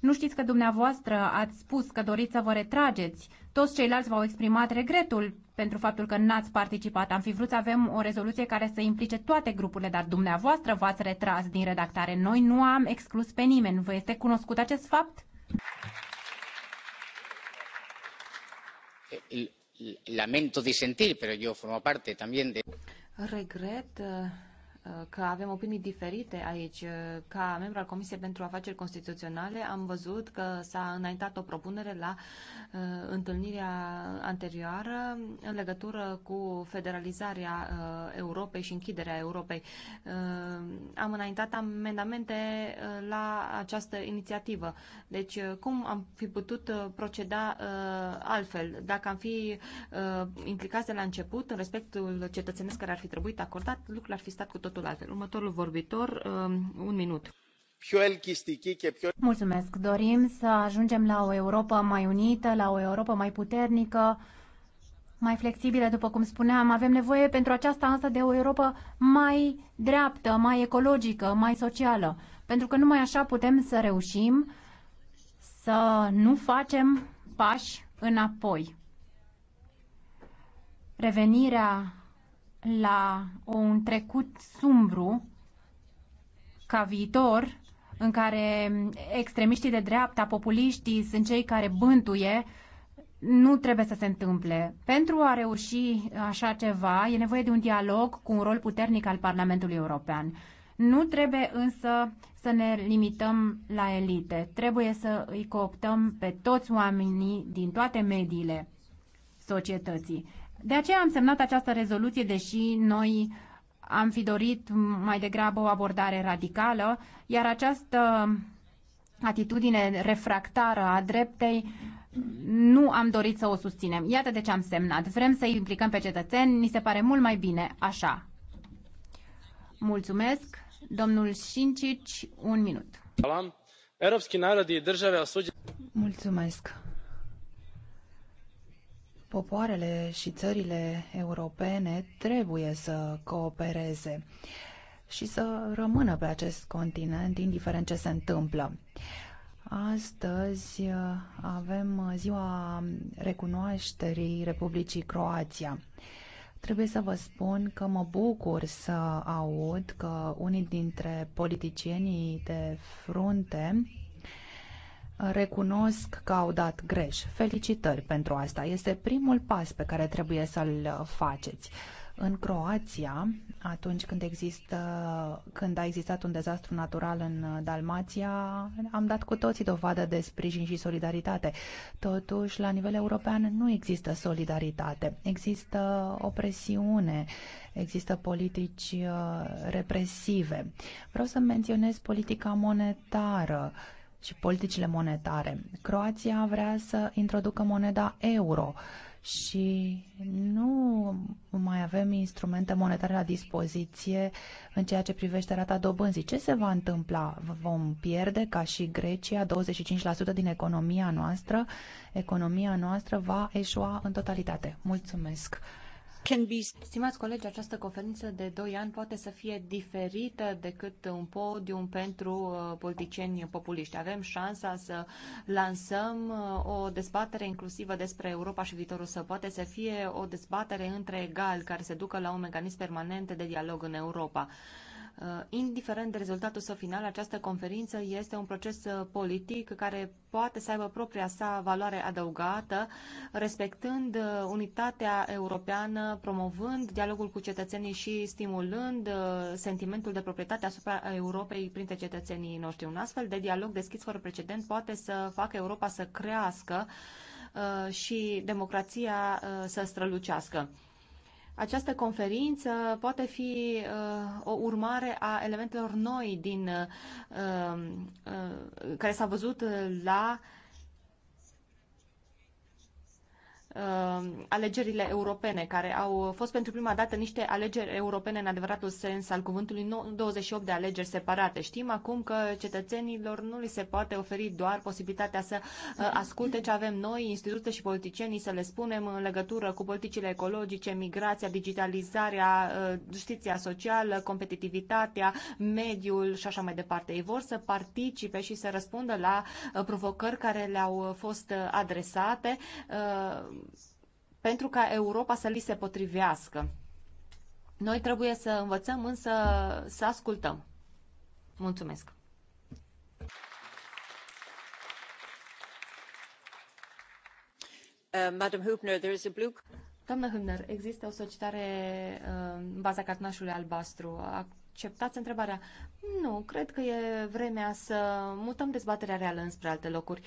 Nu știți că dumneavoastră ați spus că doriți să vă retrageți. Toți ceilalți v-au exprimat regretul pentru faptul că n-ați participat. Am fi vrut să avem o rezoluție care să implice toate grupurile, dar dumneavoastră v-ați retras din redactare. Noi nu am exclus pe nimeni. Vă este cunoscut acest fapt? Lamento disentir, pero yo formo parte también de... Regret uh, Uh, că avem opinii diferite aici. Uh, ca membru al Comisiei pentru Afaceri Constituționale am văzut că s-a înaintat o propunere la uh, întâlnirea anterioară în legătură cu federalizarea uh, Europei și închiderea Europei. Uh, am înaintat amendamente uh, la această inițiativă. Deci uh, cum am fi putut uh, proceda uh, altfel? Dacă am fi uh, implicați de la început în respectul cetățenesc care ar fi trebuit acordat, lucrurile ar fi stat cu tot totul altfel. Următorul vorbitor, um, un minut. Mulțumesc. Dorim să ajungem la o Europa mai unită, la o Europa mai puternică, mai flexibilă. după cum spuneam. Avem nevoie pentru aceasta însă de o Europa mai dreaptă, mai ecologică, mai socială. Pentru că numai așa putem să reușim să nu facem pași înapoi. Revenirea la un trecut sumbru ca viitor în care extremiștii de dreapta, populiștii sunt cei care bântuie, nu trebuie să se întâmple. Pentru a reuși așa ceva, e nevoie de un dialog cu un rol puternic al Parlamentului European. Nu trebuie însă să ne limităm la elite. Trebuie să îi cooptăm pe toți oamenii din toate mediile societății. De aceea am semnat această rezoluție, deși noi am fi dorit mai degrabă o abordare radicală, iar această atitudine refractară a dreptei nu am dorit să o susținem. Iată de ce am semnat. Vrem să implicăm pe cetățeni, ni se pare mult mai bine așa. Mulțumesc. Domnul Șincici, un minut. Mulțumesc. Popoarele și țările europene trebuie să coopereze și să rămână pe acest continent, indiferent ce se întâmplă. Astăzi uh, avem uh, ziua recunoașterii Republicii Croația. Trebuie să vă spun că mă bucur să aud că unii dintre politicienii de frunte recunosc că au dat greș. Felicitări pentru asta. Este primul pas pe care trebuie să-l faceți. În Croația, atunci când, există, când a existat un dezastru natural în Dalmația, am dat cu toții dovadă de sprijin și solidaritate. Totuși, la nivel european nu există solidaritate. Există opresiune, există politici uh, represive. Vreau să menționez politica monetară și politicile monetare. Croația vrea să introducă moneda euro și nu mai avem instrumente monetare la dispoziție în ceea ce privește rata dobânzii. Ce se va întâmpla? Vom pierde, ca și Grecia, 25% din economia noastră. Economia noastră va eșua în totalitate. Mulțumesc! Can be... Stimați colegi, această conferință de 2 ani poate să fie diferită decât un podium pentru uh, politicieni populiști. Avem șansa să lansăm uh, o dezbatere inclusivă despre Europa și viitorul său. Poate să fie o dezbatere între egali care se ducă la un mecanism permanent de dialog în Europa. Uh, indiferent de rezultatul său final, această conferință este un proces uh, politic care poate să aibă propria sa valoare adăugată, respectând uh, unitatea europeană, promovând dialogul cu cetățenii și stimulând sentimentul de proprietate asupra Europei printre cetățenii noștri. Un astfel de dialog deschis fără precedent poate să facă Europa să crească și democrația să strălucească. Această conferință poate fi uh, o urmare a elementelor noi din, uh, uh, uh care s-a văzut la uh, Uh, alegerile europene, care au fost pentru prima dată niște alegeri europene în adevăratul sens al cuvântului, 28 de alegeri separate. Știm acum că cetățenilor nu li se poate oferi doar posibilitatea să uh, asculte ce avem noi, instituțiile și politicienii, să le spunem în legătură cu politicile ecologice, migrația, digitalizarea, uh, justiția socială, competitivitatea, mediul și așa mai departe. Ei vor să participe și să răspundă la provocări care le-au fost adresate pentru ca Europa să li se potrivească. Noi trebuie să învățăm, însă să ascultăm. Mulțumesc! Uh, Hübner, there is a blue... Doamnă Hübner, există o solicitare uh, în baza cartonașului albastru. Acceptați întrebarea? Nu, cred că e vremea să mutăm dezbaterea reală înspre alte locuri. Uh,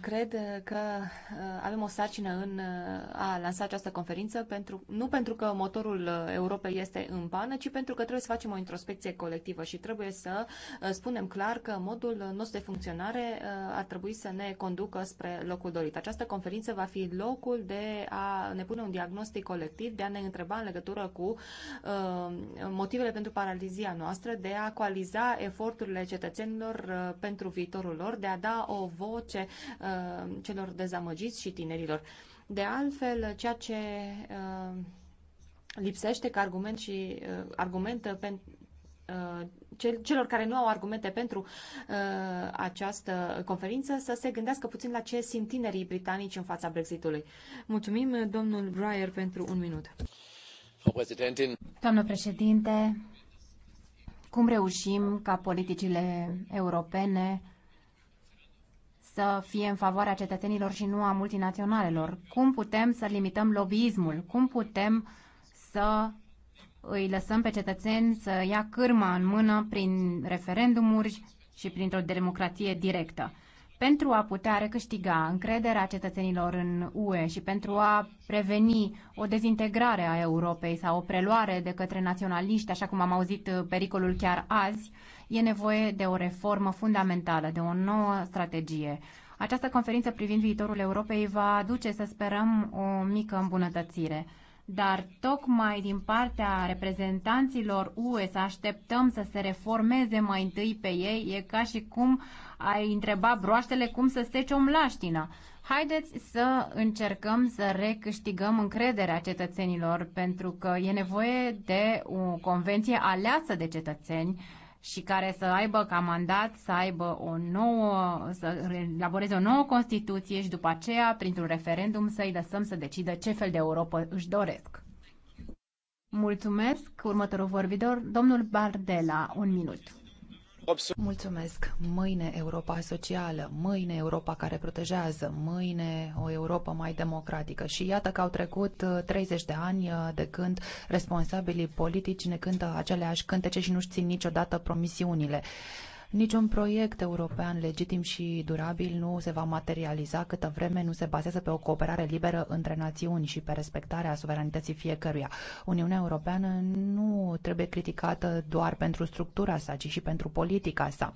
Cred că uh, avem o sarcină în uh, a lansa această conferință, pentru, nu pentru că motorul uh, Europei este în pană, ci pentru că trebuie să facem o introspecție colectivă și trebuie să spunem clar că modul nostru de funcționare ar trebui să ne conducă spre locul dorit. Această conferință va fi locul de a ne pune un diagnostic colectiv, de a ne întreba în legătură cu motivele pentru paralizia noastră, de a coaliza eforturile cetățenilor pentru viitorul lor, de a da o voce Uh, celor dezamăgiți și tinerilor. De altfel, ceea ce uh, lipsește ca argument și uh, argumentă pentru celor care nu au argumente pentru uh, această conferință să se gândească puțin la ce simt tinerii britanici în fața Brexitului. Mulțumim, domnul Breyer, pentru un minut. Doamnă președinte, cum reușim ca politicile europene să fie în favoarea cetățenilor și nu a multinaționalelor? Cum putem să limităm lobbyismul? Cum putem să îi lăsăm pe cetățeni să ia cârma în mână prin referendumuri și printr-o democrație directă? Pentru a putea recâștiga încrederea cetățenilor în UE și pentru a preveni o dezintegrare a Europei sau o preluare de către naționaliști, așa cum am auzit uh, pericolul chiar azi, e nevoie de o reformă fundamentală, de o nouă strategie. Această conferință privind viitorul Europei va aduce, să sperăm, o mică îmbunătățire dar tocmai din partea reprezentanților UE să așteptăm să se reformeze mai întâi pe ei, e ca și cum ai întreba broaștele cum să steci o mlaștină. Haideți să încercăm să recâștigăm încrederea cetățenilor, pentru că e nevoie de o convenție aleasă de cetățeni și care să aibă ca mandat să aibă o nouă, să elaboreze o nouă Constituție și după aceea, printr-un referendum, să-i lăsăm să decidă ce fel de Europa își doresc. Mulțumesc. Următorul vorbitor, domnul Bardela, un minut. Mulțumesc. Mâine Europa socială, mâine Europa care protejează, mâine o Europa mai democratică. Și iată că au trecut 30 uh, de ani uh, de când responsabilii politici ne cântă aceleași cântece și nu-și țin niciodată promisiunile. Niciun proiect european legitim și durabil nu se va materializa câtă vreme nu se bazează pe o cooperare liberă între națiuni și pe respectarea suveranității fiecăruia. Uniunea Europeană nu trebuie criticată doar pentru structura sa, ci și pentru politica sa.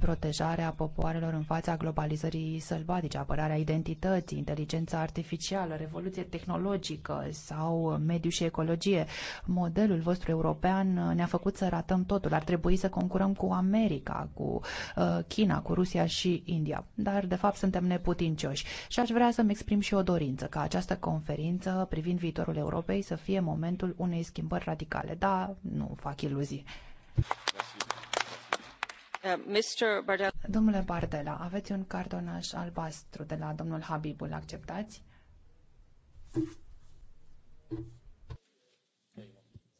Protejarea popoarelor în fața globalizării sălbatice, apărarea identității, inteligența artificială, revoluție tehnologică sau mediu și ecologie. Modelul vostru european ne-a făcut să ratăm totul. Ar trebui să concurăm cu America, cu uh, China, cu Rusia și India. Dar, de fapt, suntem neputincioși. Și aș vrea să-mi exprim și o dorință ca această conferință privind viitorul Europei să fie momentul unei schimbări radicale. Da, nu fac iluzii. Uh, Domnule Bardella, aveți un cartonaș albastru de la domnul Habibul, acceptați?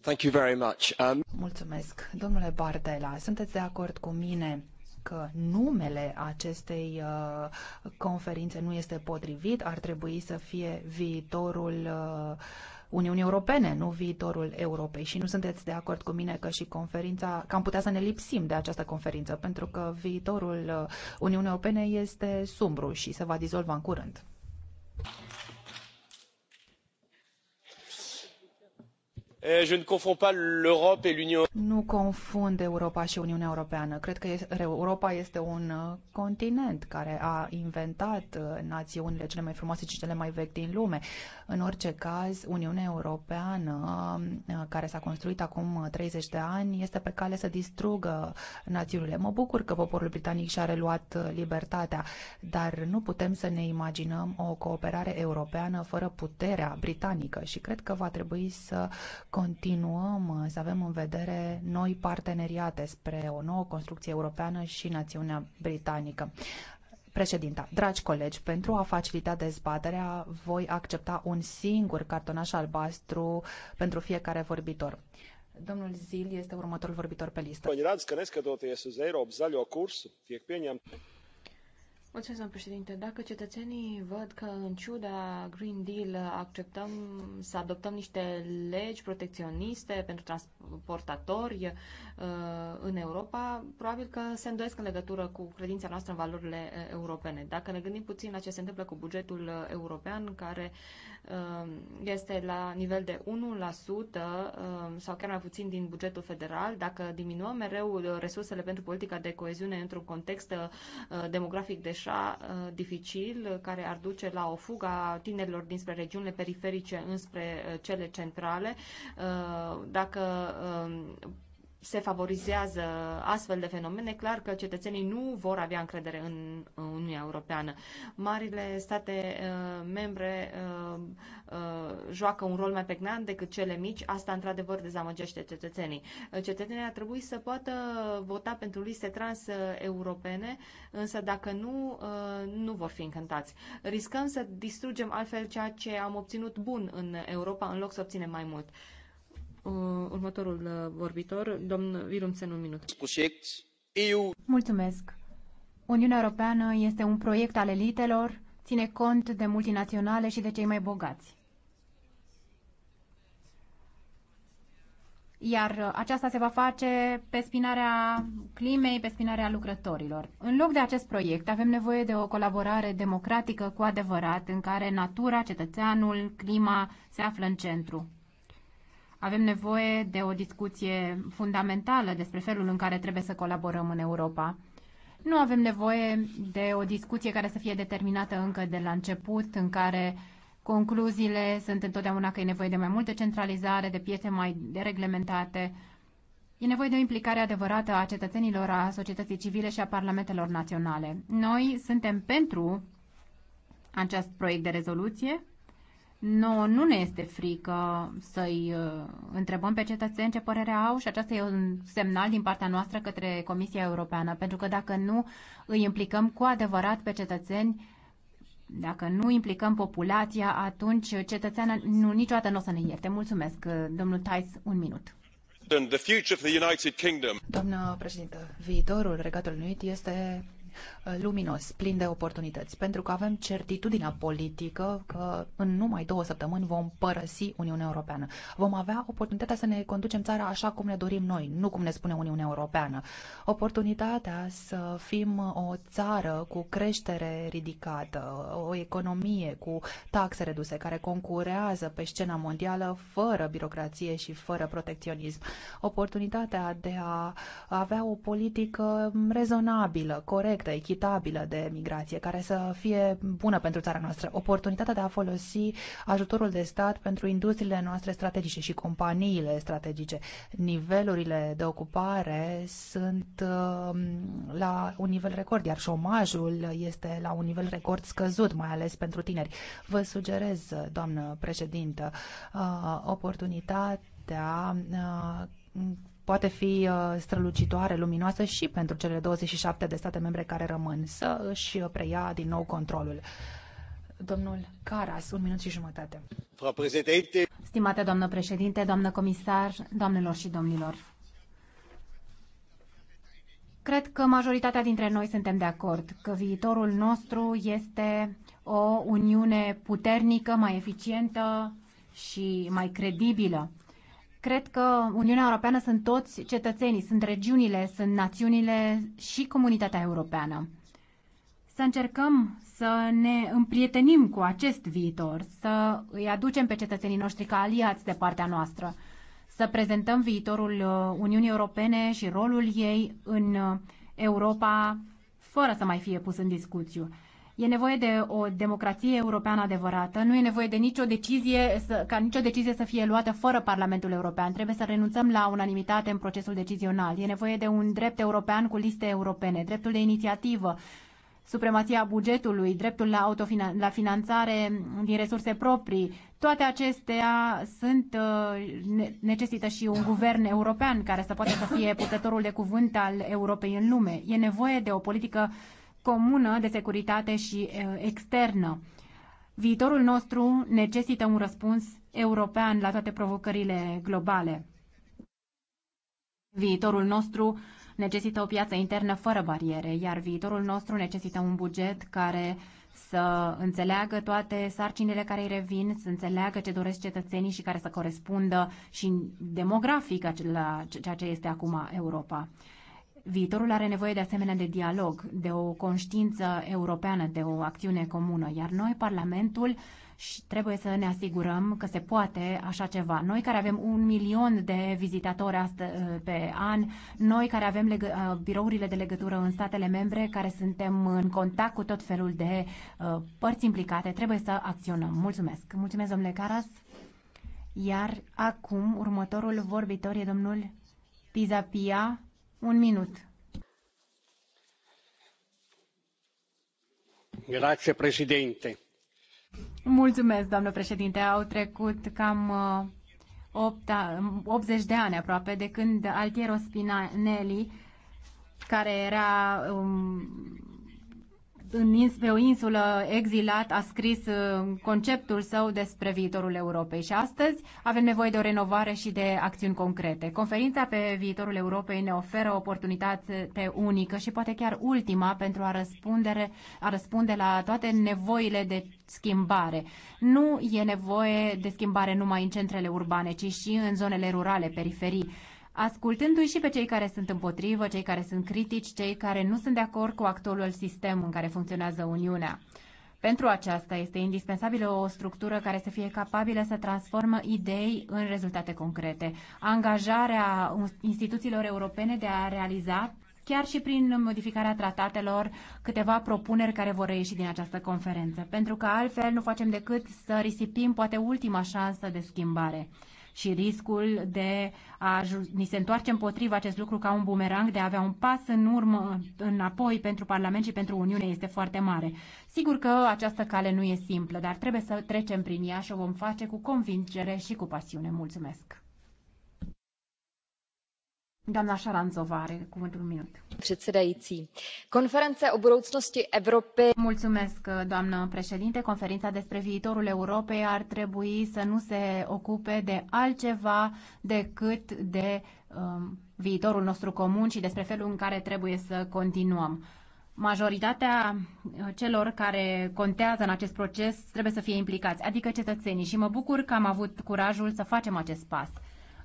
Thank you very much. Um... Mulțumesc. Domnule Bardela, sunteți de acord cu mine că numele acestei uh, conferințe nu este potrivit, ar trebui să fie viitorul uh, Uniunii Europene, nu viitorul Europei. Și nu sunteți de acord cu mine că și conferința, că am putea să ne lipsim de această conferință, pentru că viitorul uh, Uniunii Europene este sumbru și se va dizolva în curând. Eh, nu confund Europa și Uniunea Europeană. Cred că Europa este un uh, continent care a inventat uh, națiunile cele mai frumoase și cele mai vechi din lume. În orice caz, Uniunea Europeană, um, uh, care s-a construit acum 30 de ani, este pe cale să distrugă națiunile. Mă bucur că poporul britanic și-a reluat libertatea, dar nu putem să ne imaginăm o cooperare europeană fără puterea britanică și cred că va trebui să continuăm uh, să avem în vedere noi parteneriate spre o nouă construcție europeană și națiunea britanică. Președinta, dragi colegi, pentru a facilita dezbaterea, voi accepta un singur cartonaș albastru pentru fiecare vorbitor. Domnul Zil este următorul vorbitor pe listă. Mulțumesc, doamnă președinte. Dacă cetățenii văd că, în ciuda Green Deal, acceptăm să adoptăm niște legi protecționiste pentru transportatori uh, în Europa, probabil că se îndoiesc în legătură cu credința noastră în valorile uh, europene. Dacă ne gândim puțin la ce se întâmplă cu bugetul uh, european, care este la nivel de 1% sau chiar mai puțin din bugetul federal, dacă diminuăm mereu resursele pentru politica de coeziune într-un context demografic de așa uh, dificil, care ar duce la o fugă a tinerilor dinspre regiunile periferice înspre uh, cele centrale. Uh, dacă um, se favorizează astfel de fenomene, clar că cetățenii nu vor avea încredere în Uniunea Europeană. Marile state uh, membre uh, uh, joacă un rol mai pregnant decât cele mici, asta într-adevăr dezamăgește cetățenii. Cetățenii ar trebui să poată vota pentru liste trans-europene, însă dacă nu, nu vor fi încântați. Riscăm să distrugem altfel ceea ce am obținut bun în Europa, în loc să obținem mai mult. Uh, următorul uh, vorbitor, domnul Virumțen, un minut. Mulțumesc. Uniunea Europeană este un proiect al elitelor, ține cont de multinaționale și de cei mai bogați. Iar uh, aceasta se va face pe spinarea climei, pe spinarea lucrătorilor. În loc de acest proiect, avem nevoie de o colaborare democratică cu adevărat, în care natura, cetățeanul, clima se află în centru. Avem nevoie de o discuție fundamentală despre felul în care trebuie să colaborăm în Europa. Nu avem nevoie de o discuție care să fie determinată încă de la început, în care concluziile sunt întotdeauna că e nevoie de mai multă centralizare, de piețe mai reglementate. E nevoie de o implicare adevărată a cetățenilor, a societății civile și a parlamentelor naționale. Noi suntem pentru acest proiect de rezoluție nu, nu ne este frică să-i uh, întrebăm pe cetățeni ce părere au și aceasta e un semnal din partea noastră către Comisia Europeană, pentru că dacă nu îi implicăm cu adevărat pe cetățeni, dacă nu implicăm populația, atunci cetățeana nu, niciodată nu o să ne ierte. Mulțumesc, uh, domnul Tais, un minut. Doamnă președintă, viitorul Regatului Unit este Uh, luminos, plin de oportunități, pentru că avem certitudinea politică că în numai două săptămâni vom părăsi Uniunea Europeană. Vom avea oportunitatea să ne conducem țara așa cum ne dorim noi, nu cum ne spune Uniunea Europeană. Oportunitatea să fim o țară cu creștere ridicată, o economie cu taxe reduse, care concurează pe scena mondială fără birocrație și fără protecționism. Oportunitatea de a avea o politică rezonabilă, corectă, corectă, echitabilă de migrație, care să fie bună pentru țara noastră. Oportunitatea de a folosi ajutorul de stat pentru industriile noastre strategice și companiile strategice. Nivelurile de ocupare sunt uh, la un nivel record, iar șomajul este la un nivel record scăzut, mai ales pentru tineri. Vă sugerez, doamnă președintă, uh, oportunitatea uh, poate fi uh, strălucitoare, luminoasă și pentru cele 27 de state membre care rămân să își uh, preia din nou controlul. Domnul Caras, un minut și jumătate. Stimate doamnă președinte, doamnă comisar, doamnelor și domnilor. Cred că majoritatea dintre noi suntem de acord că viitorul nostru este o uniune puternică, mai eficientă și mai credibilă. Cred că Uniunea Europeană sunt toți cetățenii, sunt regiunile, sunt națiunile și comunitatea europeană. Să încercăm să ne împrietenim cu acest viitor, să îi aducem pe cetățenii noștri ca aliați de partea noastră, să prezentăm viitorul uh, Uniunii Europene și rolul ei în uh, Europa fără să mai fie pus în discuție. E nevoie de o democrație europeană adevărată, nu e nevoie de nicio decizie, să, ca nicio decizie să fie luată fără Parlamentul European. Trebuie să renunțăm la unanimitate în procesul decizional. E nevoie de un drept european cu liste europene, dreptul de inițiativă, supremația bugetului, dreptul la, autofinan- la finanțare din resurse proprii, toate acestea sunt uh, necesită și un guvern european care să poată să fie purtătorul de cuvânt al Europei în lume. E nevoie de o politică comună de securitate și externă. Viitorul nostru necesită un răspuns european la toate provocările globale. Viitorul nostru necesită o piață internă fără bariere, iar viitorul nostru necesită un buget care să înțeleagă toate sarcinile care îi revin, să înțeleagă ce doresc cetățenii și care să corespundă și demografic la ceea ce este acum Europa. Viitorul are nevoie de asemenea de dialog, de o conștiință europeană, de o acțiune comună, iar noi, Parlamentul, și trebuie să ne asigurăm că se poate așa ceva. Noi care avem un milion de vizitatori pe an, noi care avem uh, birourile de legătură în statele membre, care suntem în contact cu tot felul de uh, părți implicate, trebuie să acționăm. Mulțumesc! Mulțumesc, domnule Caras! Iar acum, următorul vorbitor e domnul Pizapia un minut. Grazie, Mulțumesc, doamnă președinte. Au trecut cam 80 uh, de ani aproape de când Altiero Spinelli, care era um, pe o insulă exilat a scris uh, conceptul său despre viitorul Europei și astăzi avem nevoie de o renovare și de acțiuni concrete. Conferința pe viitorul Europei ne oferă o oportunitate unică și poate chiar ultima pentru a, răspundere, a răspunde la toate nevoile de schimbare. Nu e nevoie de schimbare numai în centrele urbane, ci și în zonele rurale, periferii ascultându-i și pe cei care sunt împotrivă, cei care sunt critici, cei care nu sunt de acord cu actualul sistem în care funcționează Uniunea. Pentru aceasta este indispensabilă o structură care să fie capabilă să transformă idei în rezultate concrete. Angajarea instituțiilor europene de a realiza chiar și prin modificarea tratatelor, câteva propuneri care vor reieși din această conferință, pentru că altfel nu facem decât să risipim poate ultima șansă de schimbare și riscul de a ni se întoarce împotriva acest lucru ca un bumerang, de a avea un pas în urmă, înapoi pentru Parlament și pentru Uniune este foarte mare. Sigur că această cale nu e simplă, dar trebuie să trecem prin ea și o vom face cu convingere și cu pasiune. Mulțumesc! doamnă președinte. Conferința despre viitorul Europei ar trebui să nu se ocupe de altceva decât de um, viitorul nostru comun și despre felul în care trebuie să continuăm majoritatea uh, celor care contează în acest proces trebuie să fie implicați, adică cetățenii. Și mă bucur că am avut curajul să facem acest pas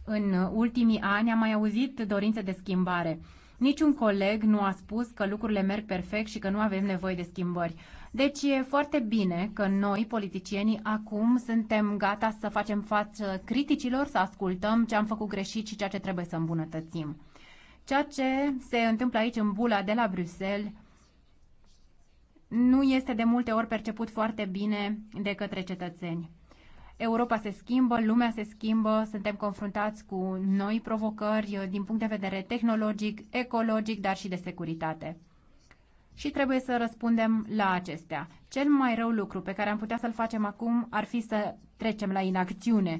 în ultimii ani am mai auzit dorințe de schimbare. Niciun coleg nu a spus că lucrurile merg perfect și că nu avem nevoie de schimbări. Deci e foarte bine că noi, politicienii, acum suntem gata să facem față criticilor, să ascultăm ce am făcut greșit și ceea ce trebuie să îmbunătățim. Ceea ce se întâmplă aici în bula de la Bruxelles nu este de multe ori perceput foarte bine de către cetățeni. Europa se schimbă, lumea se schimbă, suntem confruntați cu noi provocări uh, din punct de vedere tehnologic, ecologic, dar și de securitate. Și trebuie să răspundem la acestea. Cel mai rău lucru pe care am putea să-l facem acum ar fi să trecem la inacțiune,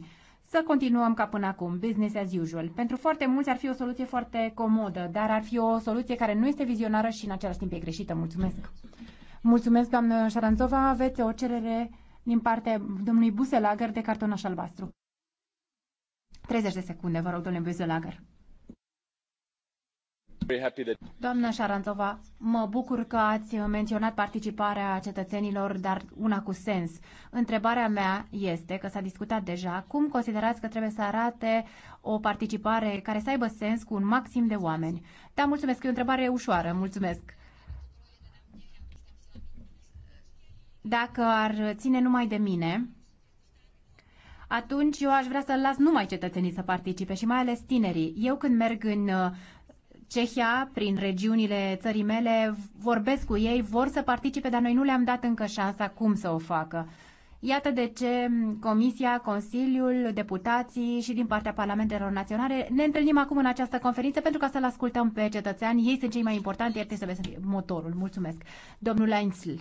să continuăm ca până acum, business as usual. Pentru foarte mulți ar fi o soluție foarte comodă, dar ar fi o soluție care nu este vizionară și în același timp e greșită. Mulțumesc! Mulțumesc, doamnă Șaranțova. Aveți o cerere din partea domnului Buselager de cartonaș albastru. 30 de secunde, vă rog, domnule Buselager. Doamna Șaranțova, mă bucur că ați menționat participarea cetățenilor, dar una cu sens. Întrebarea mea este, că s-a discutat deja, cum considerați că trebuie să arate o participare care să aibă sens cu un maxim de oameni? Da, mulțumesc, e o întrebare ușoară, mulțumesc. dacă ar ține numai de mine, atunci eu aș vrea să las numai cetățenii să participe și mai ales tinerii. Eu când merg în uh, Cehia, prin regiunile țării mele, vorbesc cu ei, vor să participe, dar noi nu le-am dat încă șansa cum să o facă. Iată de ce Comisia, Consiliul, deputații și din partea Parlamentelor Naționale ne întâlnim acum în această conferință pentru ca să-l ascultăm pe cetățean. Ei sunt cei mai importanti, iar trebuie să vezi motorul. Mulțumesc. Domnul Ainsl.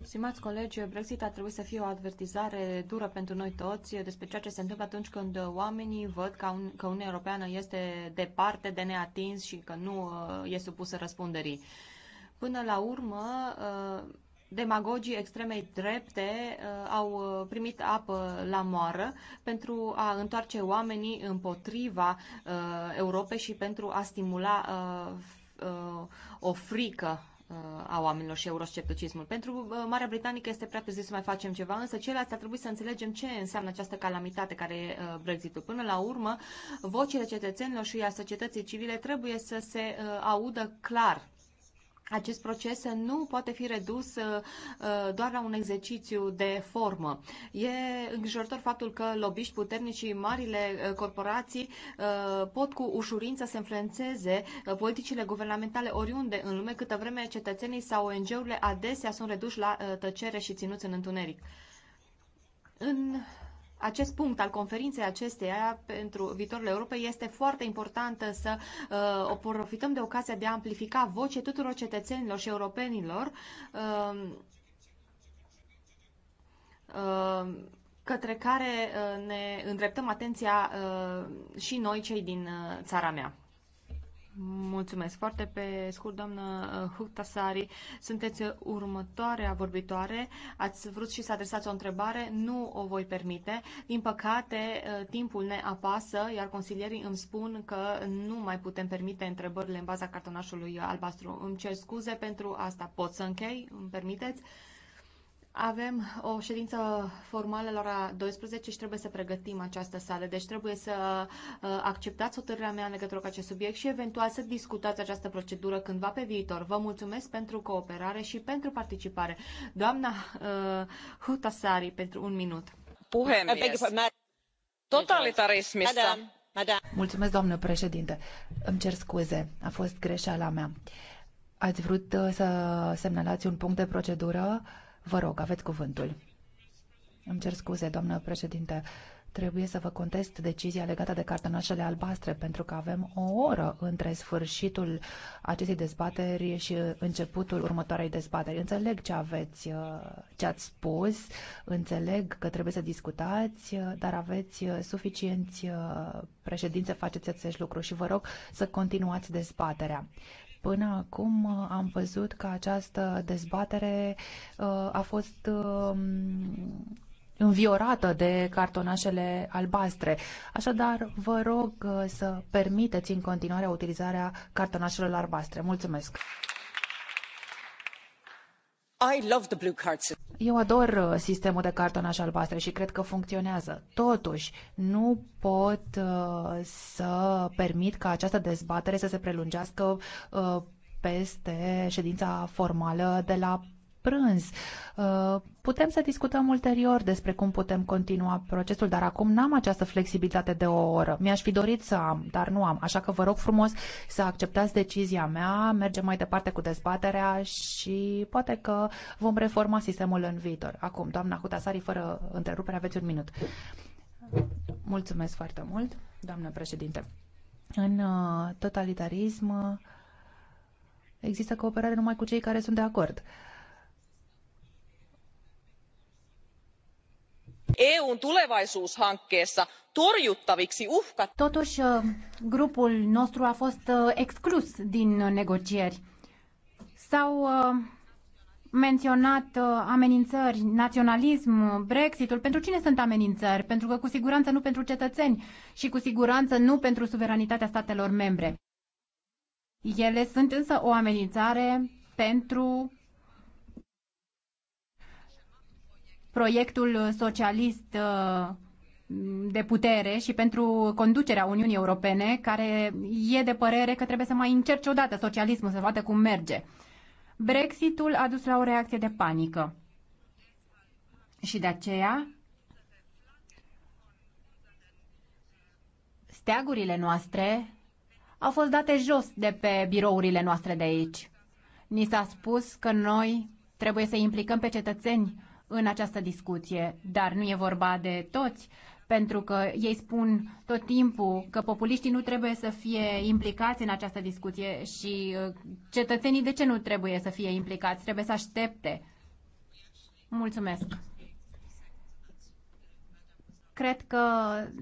Stimați colegi, Brexit ar trebui să fie o advertizare dură pentru noi toți despre ceea ce se întâmplă atunci când oamenii văd că, un, că Uniunea Europeană este departe de neatins și că nu uh, e supusă răspunderii. Până la urmă, uh, demagogii extremei drepte uh, au uh, primit apă la moară pentru a întoarce oamenii împotriva uh, Europei și pentru a stimula uh, uh, o frică uh, a oamenilor și euroscepticismul. Pentru uh, Marea Britanică este prea târziu să mai facem ceva, însă ceilalți ar trebui să înțelegem ce înseamnă această calamitate care e Brexitul. Până la urmă, vocile cetățenilor și a societății civile trebuie să se audă clar acest proces nu poate fi redus uh, uh, doar la un exercițiu de formă. E îngrijorător faptul că lobbyști puternici și marile uh, corporații pot cu ușurință să influențeze politicile guvernamentale oriunde în lume, câtă vreme cetățenii sau ONG-urile adesea sunt reduși la tăcere și ținuți în întuneric. În acest punct al conferinței acesteia pentru viitorul Europei este foarte important să uh, o profităm de ocazia de a amplifica voce tuturor cetățenilor și europenilor uh, uh, către care uh, ne îndreptăm atenția uh, și noi, cei din uh, țara mea. Mulțumesc foarte pe scurt, doamnă uh, Huctasari. Sunteți uh, următoarea vorbitoare. Ați vrut și să adresați o întrebare. Nu o voi permite. Din păcate, uh, timpul ne apasă, iar consilierii îmi spun că nu mai putem permite întrebările în baza cartonașului albastru. Îmi cer scuze pentru asta. Pot să închei? Îmi permiteți? Avem o ședință formală la ora 12 și trebuie să pregătim această sală, deci trebuie să uh, acceptați hotărârea mea în legătură cu acest subiect și eventual să discutați această procedură cândva pe viitor. Vă mulțumesc pentru cooperare și pentru participare. Doamna uh, Hutasari, pentru un minut. Puhemies. Totalitarismista. Mulțumesc, doamnă președinte. Îmi cer scuze, a fost greșeala mea. Ați vrut uh, să semnalați un punct de procedură? Vă rog, aveți cuvântul. Îmi cer scuze, doamnă președinte. Trebuie să vă contest decizia legată de cartonașele albastre, pentru că avem o oră între sfârșitul acestei dezbateri și începutul următoarei dezbateri. Înțeleg ce aveți, ce ați spus, înțeleg că trebuie să discutați, dar aveți suficienți președințe, faceți acest lucru și vă rog să continuați dezbaterea. Până acum uh, am văzut că această dezbatere uh, a fost um, înviorată de cartonașele albastre. Așadar, vă rog uh, să permiteți în continuare utilizarea cartonașelor albastre. Mulțumesc! Eu ador uh, sistemul de cartonaș albastră și cred că funcționează. Totuși, nu pot uh, să permit ca această dezbatere să se prelungească uh, peste ședința formală de la prânz. Uh, putem să discutăm ulterior despre cum putem continua procesul, dar acum n-am această flexibilitate de o oră. Mi-aș fi dorit să am, dar nu am. Așa că vă rog frumos să acceptați decizia mea, mergem mai departe cu dezbaterea și poate că vom reforma sistemul în viitor. Acum, doamna Hutasari, fără întrerupere, aveți un minut. Mulțumesc foarte mult, doamnă președinte. În uh, totalitarism uh, există cooperare numai cu cei care sunt de acord. Uh, EUn tulevaisuushankkeessa torjuttaviksi uhkat. Totuși, uh, grupul nostru a fost uh, exclus din negocieri. S-au uh, menționat amenințări, naționalism, Brexitul. Pentru cine sunt amenințări? Pentru că cu siguranță nu pentru cetățeni și cu siguranță nu pentru suveranitatea statelor membre. Ele sunt însă o amenințare pentru proiectul socialist uh, de putere și pentru conducerea Uniunii Europene, care e de părere că trebuie să mai încerce odată socialismul să vadă cum merge. Brexitul a dus la o reacție de panică. Și de aceea steagurile noastre au fost date jos de pe birourile noastre de aici. Ni s-a spus că noi trebuie să implicăm pe cetățeni în această discuție, dar nu e vorba de toți, pentru că ei spun tot timpul că populiștii nu trebuie să fie implicați în această discuție și uh, cetățenii de ce nu trebuie să fie implicați? Trebuie să aștepte. Mulțumesc. Cred că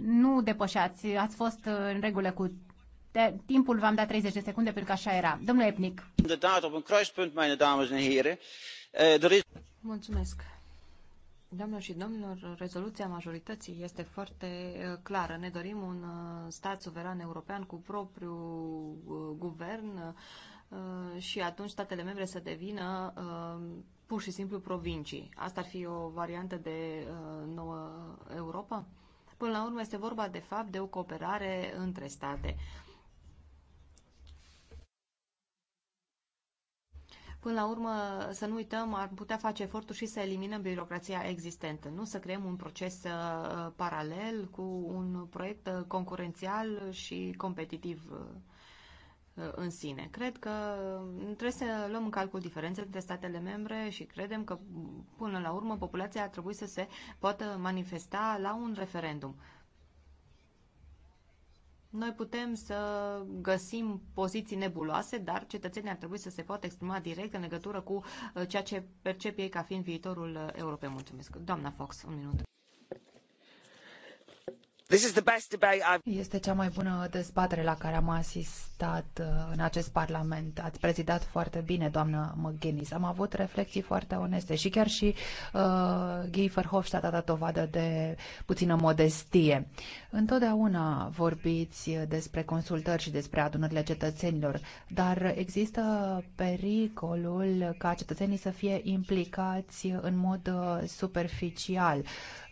nu depășați. Ați fost în regulă cu de, timpul v-am dat 30 de secunde pentru că așa era. Domnule Epnic. Eh, Mulțumesc. Doamnelor și domnilor, rezoluția majorității este foarte uh, clară. Ne dorim un uh, stat suveran european cu propriu uh, guvern și atunci statele membre să devină pur și simplu provincii. Asta ar fi o variantă de nouă Europa? Până la urmă este vorba de fapt de o cooperare între state. Până la urmă, să nu uităm, ar putea face efortul și să eliminăm birocrația existentă, nu să creăm un proces uh, paralel cu un proiect uh, concurențial și competitiv uh, în sine. Cred că trebuie să luăm în calcul diferențele între statele membre și credem că, până la urmă, populația ar trebui să se poată manifesta la un referendum. Noi putem să găsim poziții nebuloase, dar cetățenii ar trebui să se poată exprima direct în legătură cu uh, ceea ce percep ei ca fiind viitorul uh, Europei. Mulțumesc. Doamna Fox, un minut. Este cea mai bună dezbatere la care am asistat uh, în acest parlament. Ați prezidat foarte bine, doamnă McGuinness. Am avut reflexii foarte oneste și chiar și uh, Guy Verhofstadt a dat vadă de puțină modestie. Întotdeauna vorbiți despre consultări și despre adunările cetățenilor, dar există pericolul ca cetățenii să fie implicați în mod uh, superficial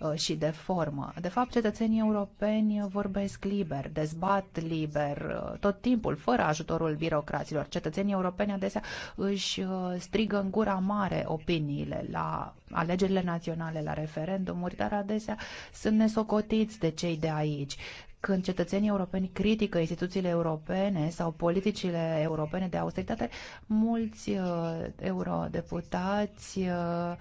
uh, și de formă. De fapt, cetățenii europeni europeni vorbesc liber, dezbat liber, uh, tot timpul, fără ajutorul birocraților. Cetățenii europeni adesea își uh, strigă în gura mare opiniile la alegerile naționale, la referendumuri, dar adesea sunt nesocotiți de cei de aici când cetățenii europeni critică instituțiile europene sau politicile europene de austeritate, mulți uh, eurodeputați uh,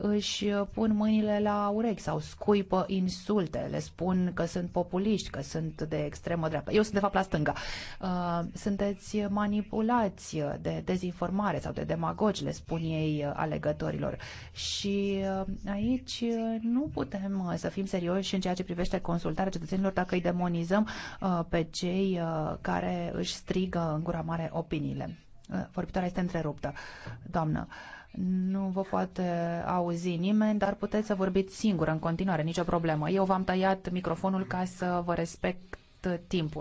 își uh, pun mâinile la urechi sau scuipă insulte, le spun că sunt populiști, că sunt de extremă dreaptă. Eu sunt de fapt la stânga. Uh, sunteți manipulați de dezinformare sau de demagogi, le spun ei uh, alegătorilor. Și aici nu putem să fim serioși în ceea ce privește consultarea cetățenilor dacă îi demonizăm pe cei care își strigă în gura mare opiniile. Vorbitoarea este întreruptă. Doamnă, nu vă poate auzi nimeni, dar puteți să vorbiți singură în continuare, nicio problemă. Eu v-am tăiat microfonul ca să vă respect timpul.